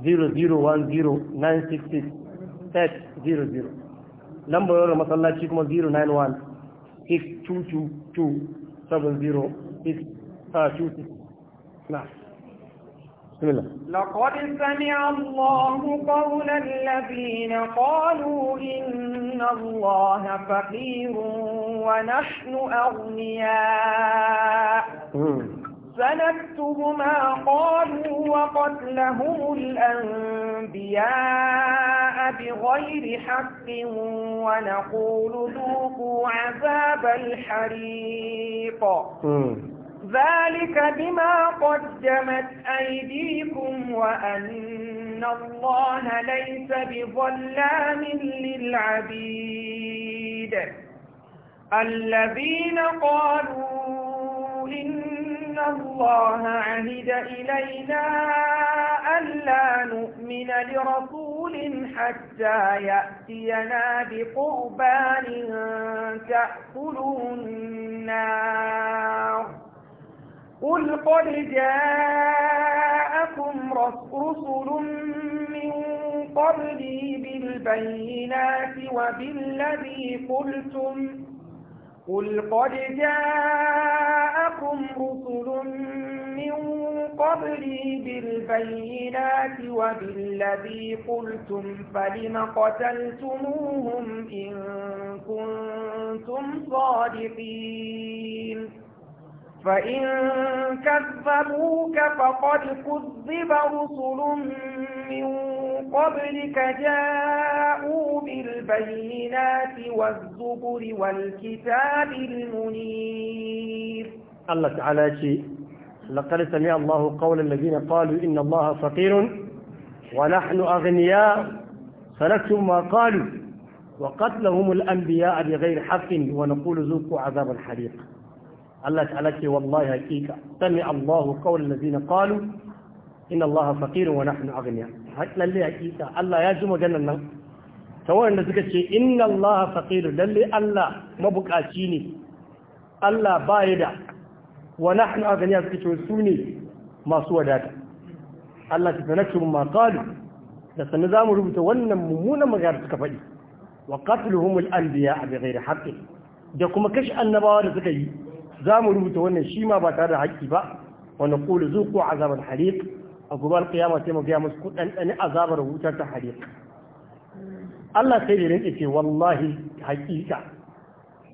0010966 lambar masallaci kuma 091 6222 70 بسم الله لقد سمع الله قول الذين قالوا إن الله فقير ونحن أغنياء سنكتب ما قالوا وقتلهم الأنبياء بغير حق ونقول ذوقوا عذاب الحريق ذلك بما قدمت أيديكم وأن الله ليس بظلام للعبيد الذين قالوا إن الله عهد إلينا ألا نؤمن لرسول حتى يأتينا بقربان تأكله النار قل قد جاءكم رسل من قبلي بالبينات وبالذي قلتم قل قد جاءكم رسل من قبلي بالبينات وبالذي قلتم فلم قتلتموهم إن كنتم صادقين فإن كذبوك فقد كذب رسل من قبلك جاءوا بالبينات والزبر والكتاب المنير الله تعالى شيء لقد سمع الله قول الذين قالوا إن الله فقير ونحن أغنياء فلكم ما قالوا وقتلهم الأنبياء بغير حق ونقول ذوقوا عذاب الحريق Allah ta'ala ce wallahi haqiqa sami Allahu qawl allazina qalu inna Allaha faqirun wa nahnu aghniya lalle haqiqa Allah ya ji maganar nan ta wanda suka ce inna Allaha faqirun lalle Allah mabukaci ne Allah baya da wa nahnu aghniya suka ce su ne masu wadata Allah ta sanatu ma qalu da sanin zamu rubuta wannan mummunan magana suka faɗi wa qatluhum al-anbiya bi ghairi haqqin da kuma kashe annabawa da suka yi za mu rubuta wannan shi ma ba tare da haƙƙi ba wanda kulu zuku azabar hariq a gobar kiyama sai mu gaya musu ku azabar wutar ta hariq Allah sai da rinƙe ce wallahi haƙiƙa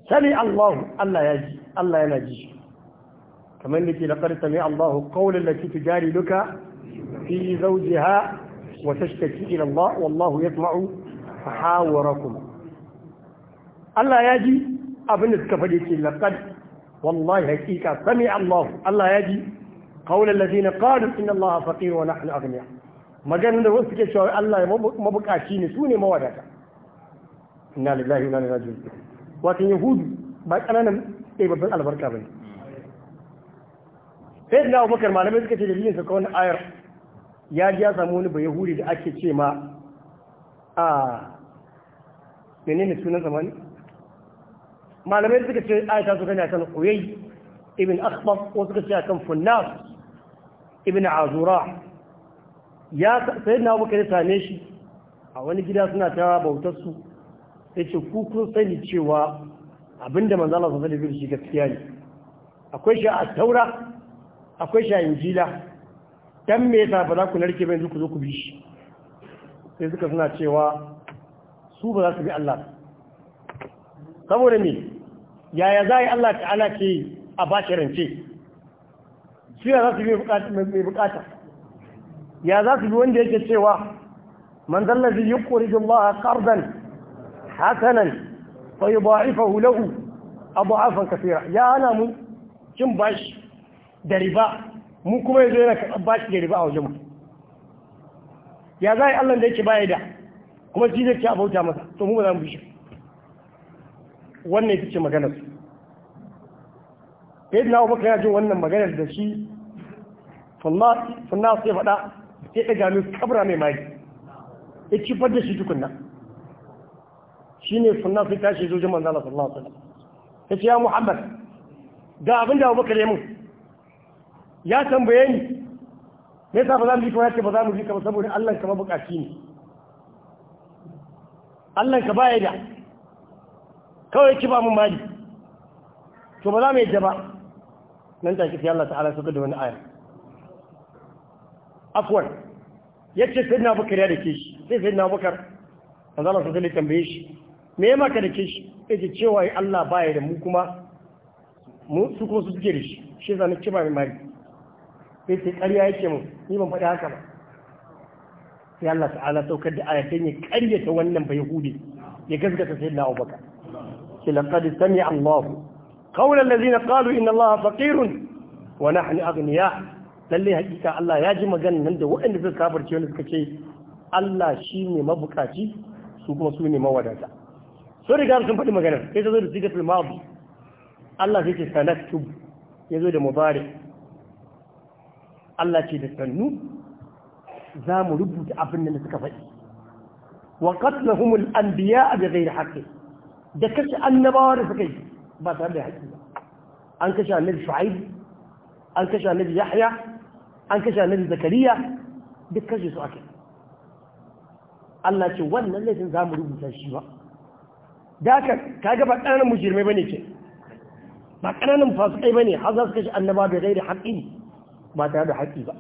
sami Allah Allah ya ji Allah yana ji kamar da ke da ƙarsa mai Allah kawulin da tutu jari duka fi zaujiha wa tashtaki ila Allah wallahu yasma'u tahawurakum Allah ya ji abin da suka faɗi ce laqad wallahi hakika sami Allah Allah ya ji qawlan ladina qalu inna Allah faqir wa nahnu aghniya maganin da wasu suke cewa Allah ya mabukaci ne su ne mawadata inna lillahi wa inna ilaihi raji'un wato yahudu ba kananan sai eh, babban albarka ba ne sai na Abubakar malamai suka ce dalilin sa kawai ayar ya ji ya samu wani bai yahudi da ake ce ma a ah, menene sunan zamani malamai suka ce aisha suka ne kan koyai, ibn akhbar ko suka ce kan funnas ibn azura ya sai na buka ya same shi a wani gida suna ta bautar su sai ce ku kun sani cewa abinda manzo Allah sallallahu alaihi shi gaskiya ne akwai shi a taura akwai shi a injila dan me yasa ba za ku narke ba yanzu ku zo ku bi shi sai suka suna cewa su ba za su bi Allah saboda ne yaya za a yi Allah ta'ala ce a bashi rance shi ya za su bi mai bukata ya za su bi wanda yake cewa man zallazi yuqridu Allah qardan hasanan fa yudha'ifahu a adha'afan kafira ya ana mu cin bashi da riba mu kuma yanzu yana karɓar bashi da riba a wajen mu ya za a yi Allah da yake baya da kuma shi zai a bauta masa to mu ba za mu bi shi wannan ita ce maganar su sai na abubakar ya ji wannan maganar da shi sunna sai faɗa sai ɗaga min kabra mai magi ya ci fadda shi tukunna shi ne sunna sai tashi zojin manzana zala sallallahu alaihi ya ce ya muhammad ga abin da abubakar ya mun ya tambaye ni me yasa ba za mu ji kawai ya ce ba za mu ji kama saboda allah ka mabukaci ne allah ka baya da kawai ki ba mun mali to ba za mu yadda ba nan take sai Allah ta'ala suka da wani aya afwan yace sai na bukar ya dake shi sai sai na bukar manzo Allah sai tambaye shi me ya ka dake shi yace cewa Allah baya da mu kuma mu su kuma su suke da shi shi zan ci ba mai sai sai ƙarya yake mu ni ban faɗi haka ba sai Allah ta'ala saukar da ayatan ya ƙaryata wannan bai hude, ya gaskata sai na Abubakar shi laqad sami'a Allah qawlan ladina qalu inna Allah faqirun wa nahnu aghniya lalle hakika Allah ya ji maganan nan da waɗanda suka kafirce wanda suka ce Allah shine mabukaci su kuma su ne mawadata sun riga sun faɗi maganar sai ta zo da Allah sai ce sanaktub ya da Allah ce da sannu rubuta abin da suka faɗi wa qatlahumul anbiya bi ghairi da kashe annabawa da suka yi ba tare da haƙƙi ba an kashe annabi shu'aib an kashe annabi yahya an kashe annabi zakariya duk kashe su ake Allah ce wannan laifin za mu rubuta shi ba da haka kaga ba ƙananan mujirmai ne ke ba ƙananan fasikai ne har za su kashe annaba bai gaira haƙƙi ba tare da haƙƙi ba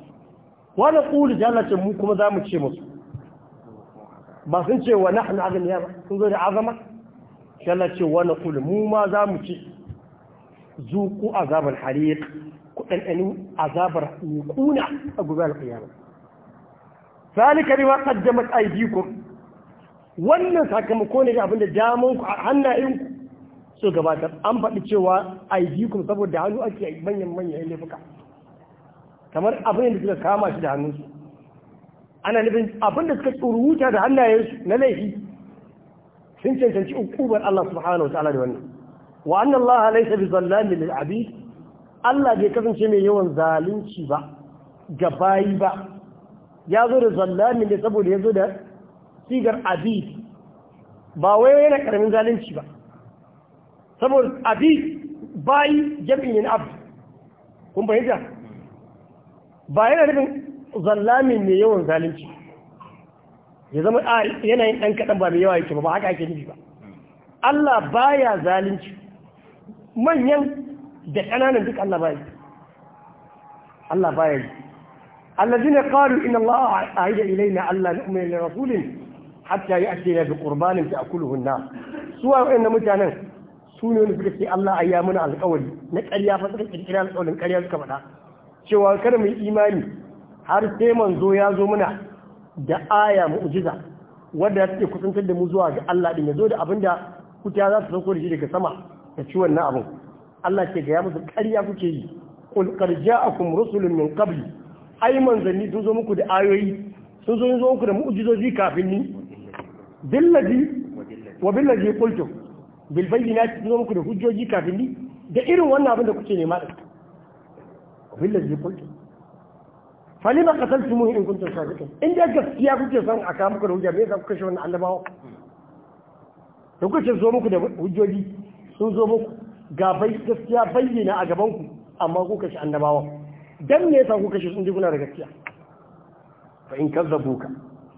wani ƙulu ta Allah ce mu kuma za mu ce musu ba sun ce wa nahnu agniya ba sun zo da azama shana ce wani kul mu ma za mu ci zuku azabar hariq kudandanin azabar kuna a gobe alƙiyama zalika bima qaddamat aydikum wannan sakamako ne abinda damanku ku a hannayenku so gabata an faɗi cewa aydikum saboda hannu ake manyan manyan laifuka kamar abin da suka kama shi da hannunsu ana nufin abin da suka wuta da hannayensu na laifi sun cancanci hukumar Allah subhanahu wa ta'ala da wannan wa anna Allah laysa bi zallamin lil abid Allah bai kasance mai yawan zalunci ba ga bayi ba ya zo da zallamin ne saboda ya zo da sigar abid ba wai yana karamin zalunci ba saboda abid bayi jami'in abd kun bayyana ba yana nufin zallamin mai yawan zalunci ya zama yanayin ɗan kaɗan ba mai yawa yake ba haka ake nufi ba Allah baya zalunci manyan da ƙananan duk Allah baya Allah baya yi allazina qalu inna Allah ahida ilaina Allah nu'mina li rasulin hatta ya'tina bi qurbanin ta'kuluhu an-nar su wa'annan mutanen su ne wani suka Allah a yi mana alƙawari na ƙarya fa suka kirkira alƙawarin ƙarya suka faɗa cewa kar mu imani har sai manzo ya zo muna da aya mu'jiza wanda ya take kusantar da mu zuwa ga Allah din yazo da abinda kuta za su sauko da shi daga sama da ci wannan abin Allah ke ga ya musu ƙarya kuke yi qul qarja'akum rusulun min qabli ai manzanni sun zo muku da ayoyi sun zo zo muku da mu'jizoji kafin ni billadi wa billadi qultu bil bayyinati sun zo muku da hujjoji kafin ni da irin wannan abin da kuke nema din billadi qultu falima qataltumuhu in kuntum sadiqin in da gaskiya kuke son a kawo muku da hujja me yasa kuka kashe wannan annabawa da kuka zo muku da hujjoji sun zo muku ga bai gaskiya bayyana a gaban ku amma kuka shi annabawa dan me yasa ku shi sun ji kuna da gaskiya fa in kazzabuka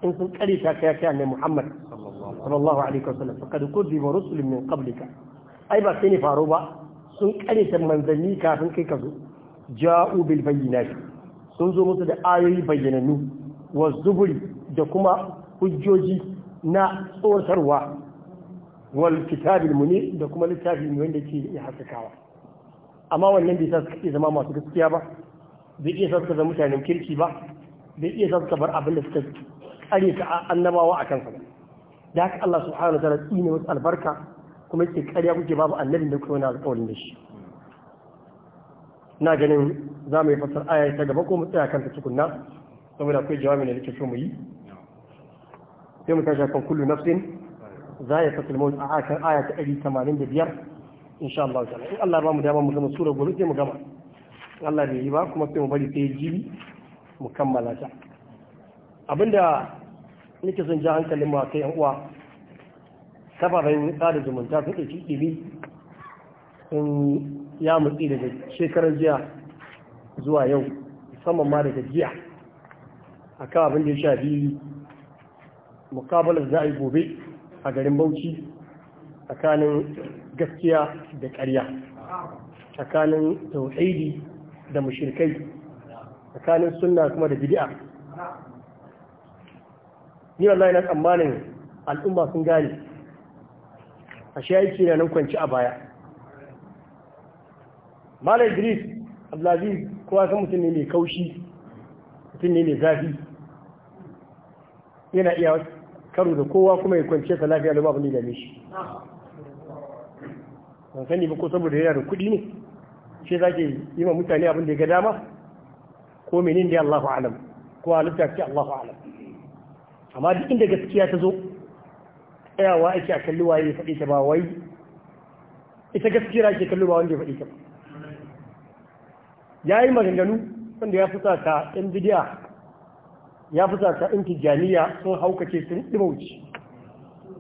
in sun kare ta kai kai annabi Muhammad sallallahu alaihi wasallam faqad kuzziba rusulun min qablika ai ba sai ne faro ba sun kare ta manzanni kafin kai ka zo ja'u bil bayyinati sun zo musu da ayoyi bayyanannu wa zuburi da kuma hujjoji na tsoratarwa wal kitabil munir da kuma littafi mai wanda ke ya haskakawa amma wannan bai sa suka zama masu gaskiya ba bai iya sa suka zama mutanen kirki ba bai iya sa suka bar abin da suka tsare ta annabawa a kansa ba da haka Allah subhanahu wa ta'ala tsine wasu albarka kuma yake ƙarya kuke babu annabi da kuke wani alƙawarin da shi Na ganin za mu yi fasar aya ta gaba ko mu tsaya kanta tukunna saboda akwai jawabi da nake so mu yi sai mu tashi kan kullu nafsin za ya fasil maut a akan aya ta 185 insha Allah ta'ala in Allah ba mu dama mu gama sura gobe sai mu gama Allah bai yi ba kuma sai mu bari sai jibi mu kammala ta abinda nake son ja hankalin mu a kai yan uwa kafafen sada zumunta sun ɗauki ɗimi sun ya mutsi daga shekarar jiya zuwa yau musamman ma daga jiya a kan abin da ya shafi mukabalar za a yi gobe a garin bauchi tsakanin gaskiya da ƙarya tsakanin tauhidi da mushirkai tsakanin sunna kuma da bid'a ni wallahi na tsammanin al'umma sun gane a shi aiki na nan kwanci a baya malam idris abdulaziz kowa san mutum ne mai kaushi mutum ne mai zafi yana iya karo da kowa kuma ya kwance ta lafiya da babu ne da shi ban sani ba ko saboda yana da kuɗi ne shi za ke yi ma mutane abin da ya ga dama ko menin da Allahu alam ko halitta ce Allahu alam amma duk inda gaskiya ta zo tsayawa ake a kalli waye ya faɗi ta ba wai ita gaskiya ake kalli ba wanda ya faɗi ta ba ya yi maganganu wanda ya fusata yan bidiya ya fusata yan tijjaniya sun haukace sun ɗimauci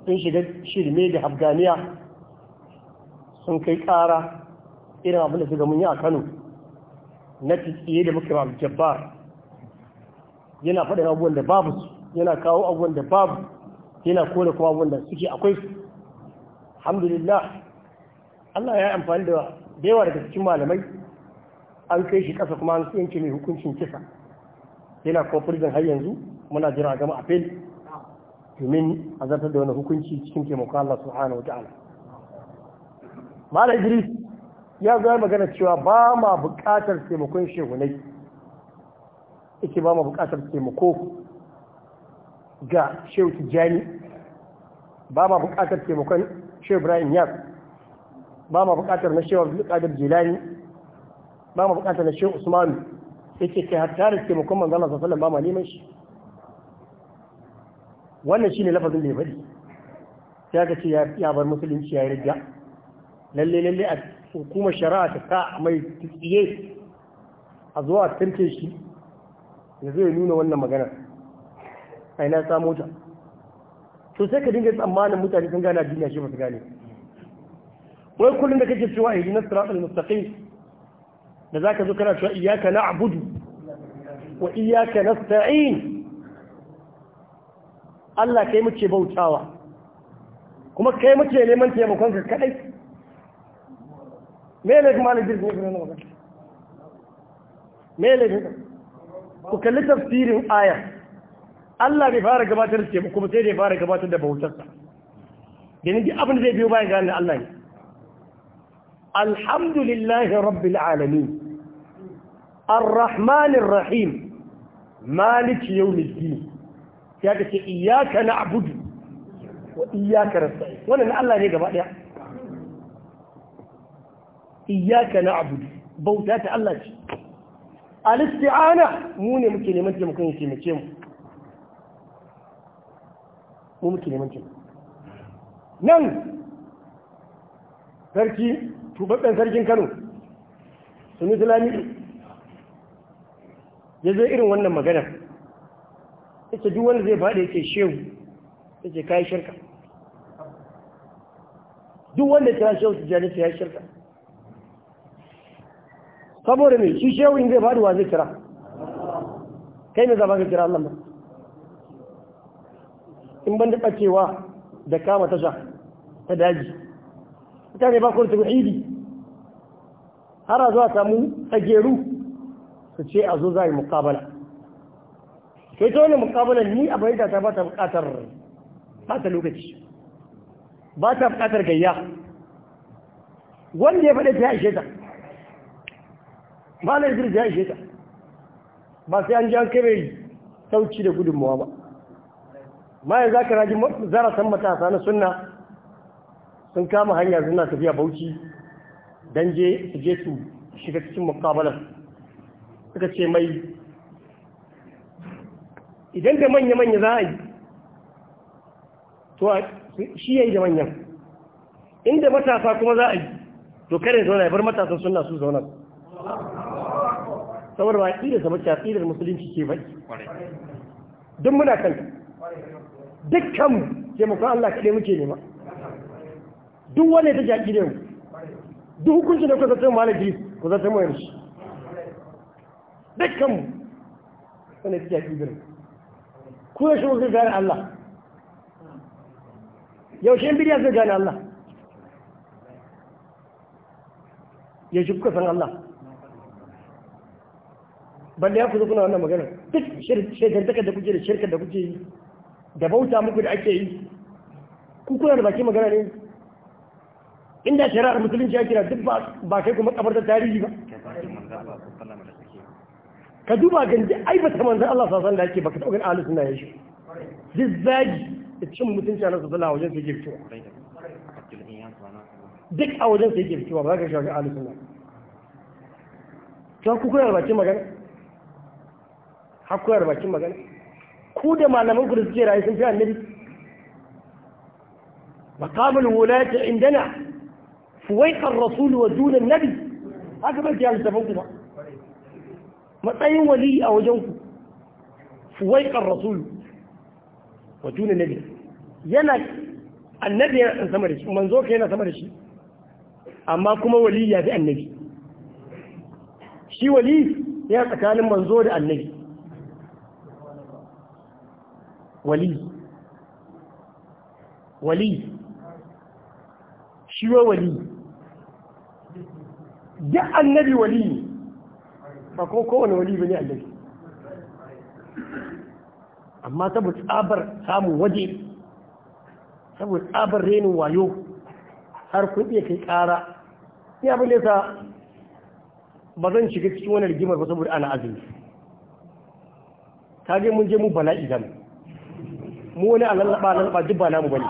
sun shiga shirme da afganiya sun kai ƙara irin abin da suka munyi a kano na tsaye da muka mamu jabbar yana faɗin abubuwan da babu su yana kawo abubuwan da babu yana kone kuma abubuwan da suke akwai su alhamdulillah Allah ya yi amfani da yawa daga cikin malamai an kai shi ƙasa kuma an yanke mai hukuncin kisa yana kuma prison har yanzu muna jira a gama apel domin a zartar da wani hukunci cikin taimakon Allah subhanahu wata'ala Malam Idris ya zo magana cewa ba ma buƙatar taimakon shehunai yake ba ma buƙatar taimako ga shehu jani ba ma buƙatar taimakon shehu Ibrahim Yas ba ma buƙatar na shehu Abdul Qadir Jilani ba mu bukata da shehu usman yake kai hatta ke taimakon manzo Allah sallallahu alaihi wasallam ba mu shi wannan shine lafazin da ya bari sai ga ce ya bar musulunci ya rija lalle lalle a hukumar shari'a ta ka mai tsiye a zuwa tantance shi ya zai nuna wannan magana a ina samu ta to sai ka dinga tsammanin mutane sun gane duniya shi ba su gane wai kullum da kake cewa ihdina siratal mustaqim da za ka zo kana cewa iyaka na abudu wa iyaka na sta'in Allah kai muke bautawa kuma kai muke neman taimakon ka kadai me ne kuma alibir ne kuma nawa me ne ku kalli tafsirin aya Allah bai fara gabatar da taimako kuma sai da fara gabatar da bautarsa Gani duk abin da zai biyo bayan ganin Allah ne alhamdulillahi rabbil alamin arrahmanir rahim maliki yawmid din ya kace iyyaka na'budu wa iyyaka nasta'in wannan Allah ne gaba daya iyyaka na'budu bauta ta Allah ce al-isti'ana mu ne muke neman taimakon yake mace mu mu muke neman taimako nan sarki tubabben sarkin Kano sunu Sulami ya zai irin wannan magana ya duk wanda zai faɗi ce shehu ce kayi shirka duk wanda ya shehu tijani ta ya shirka saboda mai shi shehu in zai faɗi wa zai kira kai ne zama ka kira allama in ban da cewa da kama tasha ta daji mutane ba ku da har a zuwa samu geru su ce a zo za a yi mukabala sai ta wani mukabala ni a bayyana ta ba ta bukatar ta lokaci ba ta bukatar gayya wanda ya faɗa ta ishe ta ba na izir ta ishe ta ba sai an ji an kai sauci da gudunmawa ba bayan za ka raji san matasa na sunna sun kama hanya suna tafiya bauchi don je su je su shiga cikin mukabalar suka ce mai idan da manya-manya za a yi to shi ya yi da manyan inda matasa kuma za a yi to kare zauna ya bar matasan suna su zauna saboda ba a ƙidar sa mace a da musulunci ce ba Don muna kanta dukkanmu taimakon Allah kaɗai muke nema duk wane ta jaƙi da mu duk hukuncin da kuka zartar malar gris ku zartar mu yanzu dukkanmu wanda suke yaƙi birnin ku yaushe ku zai Allah yaushe in bidiyar zai gane Allah yaushe kuka san Allah balle ya kusa kuna wannan magana duk shirkar da kuke da shirkar da kuke yi da bauta muku da ake yi ku kuna da baki magana ne inda shari'ar musulunci ya kira duk ba kai kuma kabar da tarihi ba ka duba gan duk aibata manzan Allah sasan da yake baka taɓa gan ahlus sunna ya shi duk zagi da cin mutunci na sallallahu wajen sai yake fitowa duk a wajen sai yake fitowa ba ka shafi ahlus sunna to ku koyar bakin magana har koyar bakin magana ku da malaman ku da suke rayu sun fi annabi maqamul wulati indana fuwaiqa ar-rasul wa dun an-nabi haka ba ki halitta ba matsayin wali a wajenku fuwaikar rasulu wa juna nabi yana annabi yana sama da shi manzo ka yana sama da shi amma kuma wali ya fi annabi shi wali ya tsakanin manzo da annabi wali wali shi wa wali duk annabi wali ba ko kowane wali bane annabi amma saboda tsabar samun waje saboda tsabar renin wayo har kun iya kai ƙara ni abin da yasa ba zan shiga cikin wani rigimar ba saboda ana azumi ta je mun je mu bala'i idan, mu wani a lallaba lallaba duk ba namu bane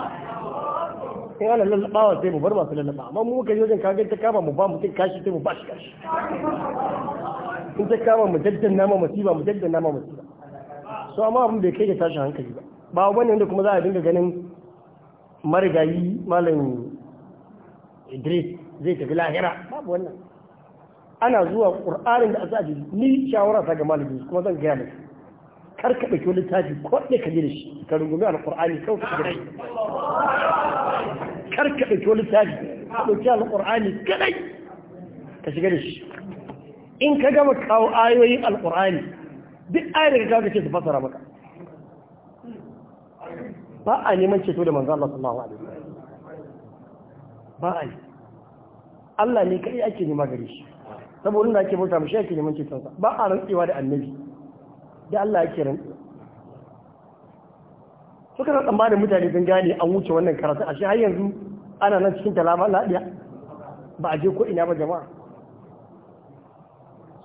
in ana lallabawa sai mu bar masu lallaba amma mu muka yi wajen kagan ta kama mu ba mutum kashi sai mu ba shi kashi in ta kama mu daddana nama masifa, mu daddana nama masifa. so amma abin bai kai da tashin hankali ba ba wani wanda kuma za a dinga ganin marigayi malam Idris zai tafi lahira babu wannan ana zuwa ƙur'anin da asa ajiye ni shawara ta ga malamin kuma zan gaya maka kar ka wani littafi ko ɗaya ka je da shi ka rungumi alƙur'ani kawai ka gani kar ka wani littafi ka ɗauki alƙur'ani kadai ka shiga da shi in ka gama kawo ayoyin alkur'ani duk ayar da ka ce su fasara maka ba a neman ceto da manzo Allah sallallahu alaihi wasallam ba a ne Allah ne kai ake nema gare shi saboda da ake bauta mishi ake neman ceto ba a rantsewa da annabi da Allah ake rantsewa suka ba tsammanin mutane sun gane an wuce wannan karatu a shi har yanzu ana nan cikin talama lafiya ba a je ko ina ba jama'a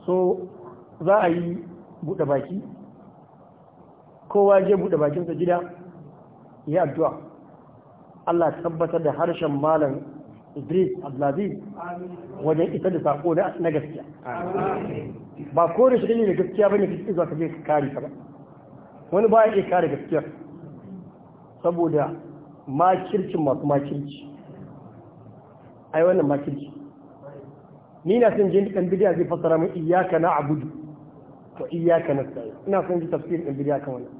so za a yi buɗe baki kowa je buɗe bakinsa gida ya addu'a Allah tabbatar da harshen malam Idris Abdulaziz wajen isar da sako na gaskiya ba ko da shi ne da gaskiya bane kike zuwa je ka kare ka ba wani ba ya kare gaskiya saboda makircin masu makirci ai wannan makirci ni na son jin dan bidiya zai fassara min iyyaka na'budu to na nasta'in ina son ji tafsirin dan bidiya kan wannan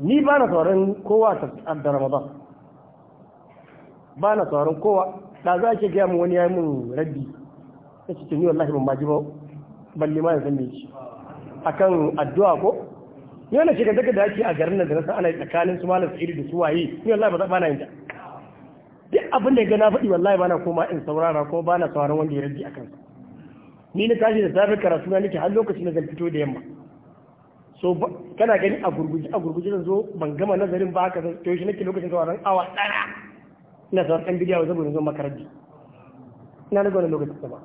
ni ba na sauran kowa ta da ramadan ba na sauran kowa da za ke gaya min wani ya min rabbi ta ce ni wallahi ban maji ba balle ma ya san shi akan addu'a ko ni wannan shekar daga da ake a garin nan da na san ana tsakanin su malam sa'idu da su waye ni wallahi ba za ba na yin ta abin da ya gana faɗi wallahi bana koma in saurara ko bana sauraron wanda ya raddi a kansa ni na tashi da safe karatu na nake har lokacin da zan fito da yamma so kana gani a gurguje a gurguje zan zo ban gama nazarin ba haka to shi nake lokacin sauraron awa ɗaya ina sauraron ɗan bidiyawa zan zo makarabi ina na zaune lokacin sama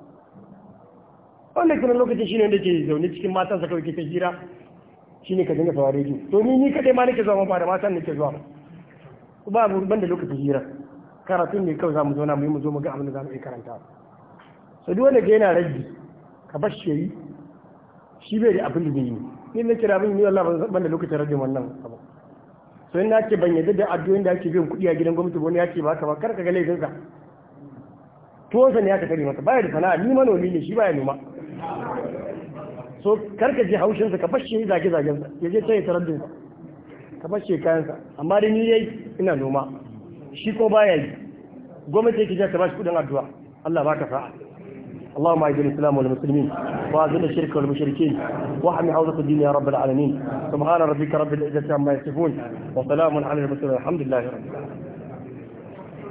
wanda kuma lokacin shi ne wanda ke zaune cikin matansa kawai ke ta shi ne ka dinga saurare ki to ni ni kadai ma nake zuwa ma ba da matan nake zuwa ba ba ban da lokacin hira karatun ne kawai za mu zauna mu yi mu zo mu ga abin da za mu iya karanta so duk wanda ke yana rabbi ka bar shi yayi shi bai da abin da zai yi ni na kira abin ni Allah ban da lokacin rabbi wannan abu so in nace ban yadda da addu'o'in da ake biyan kuɗi a gidan gwamnati wani ya ce ba ka ba kar ka ga ka to sa ne aka kare masa baya da sana'a ni manomi ne shi baya noma so kar ji je haushinsa ka bashe zage zagen sa yaje sai ya tarar da ka kayan kayansa amma da ni yayi ina noma shi ko baya yi gwamnati yake ja ta bashi kudin addu'a Allah baka fa'a اللهم اعز الاسلام والمسلمين واذل الشرك والمشركين واحمي حوزه الدين يا رب العالمين سبحان ربك رب العزه عما يصفون وسلام على المرسلين الحمد لله رب العالمين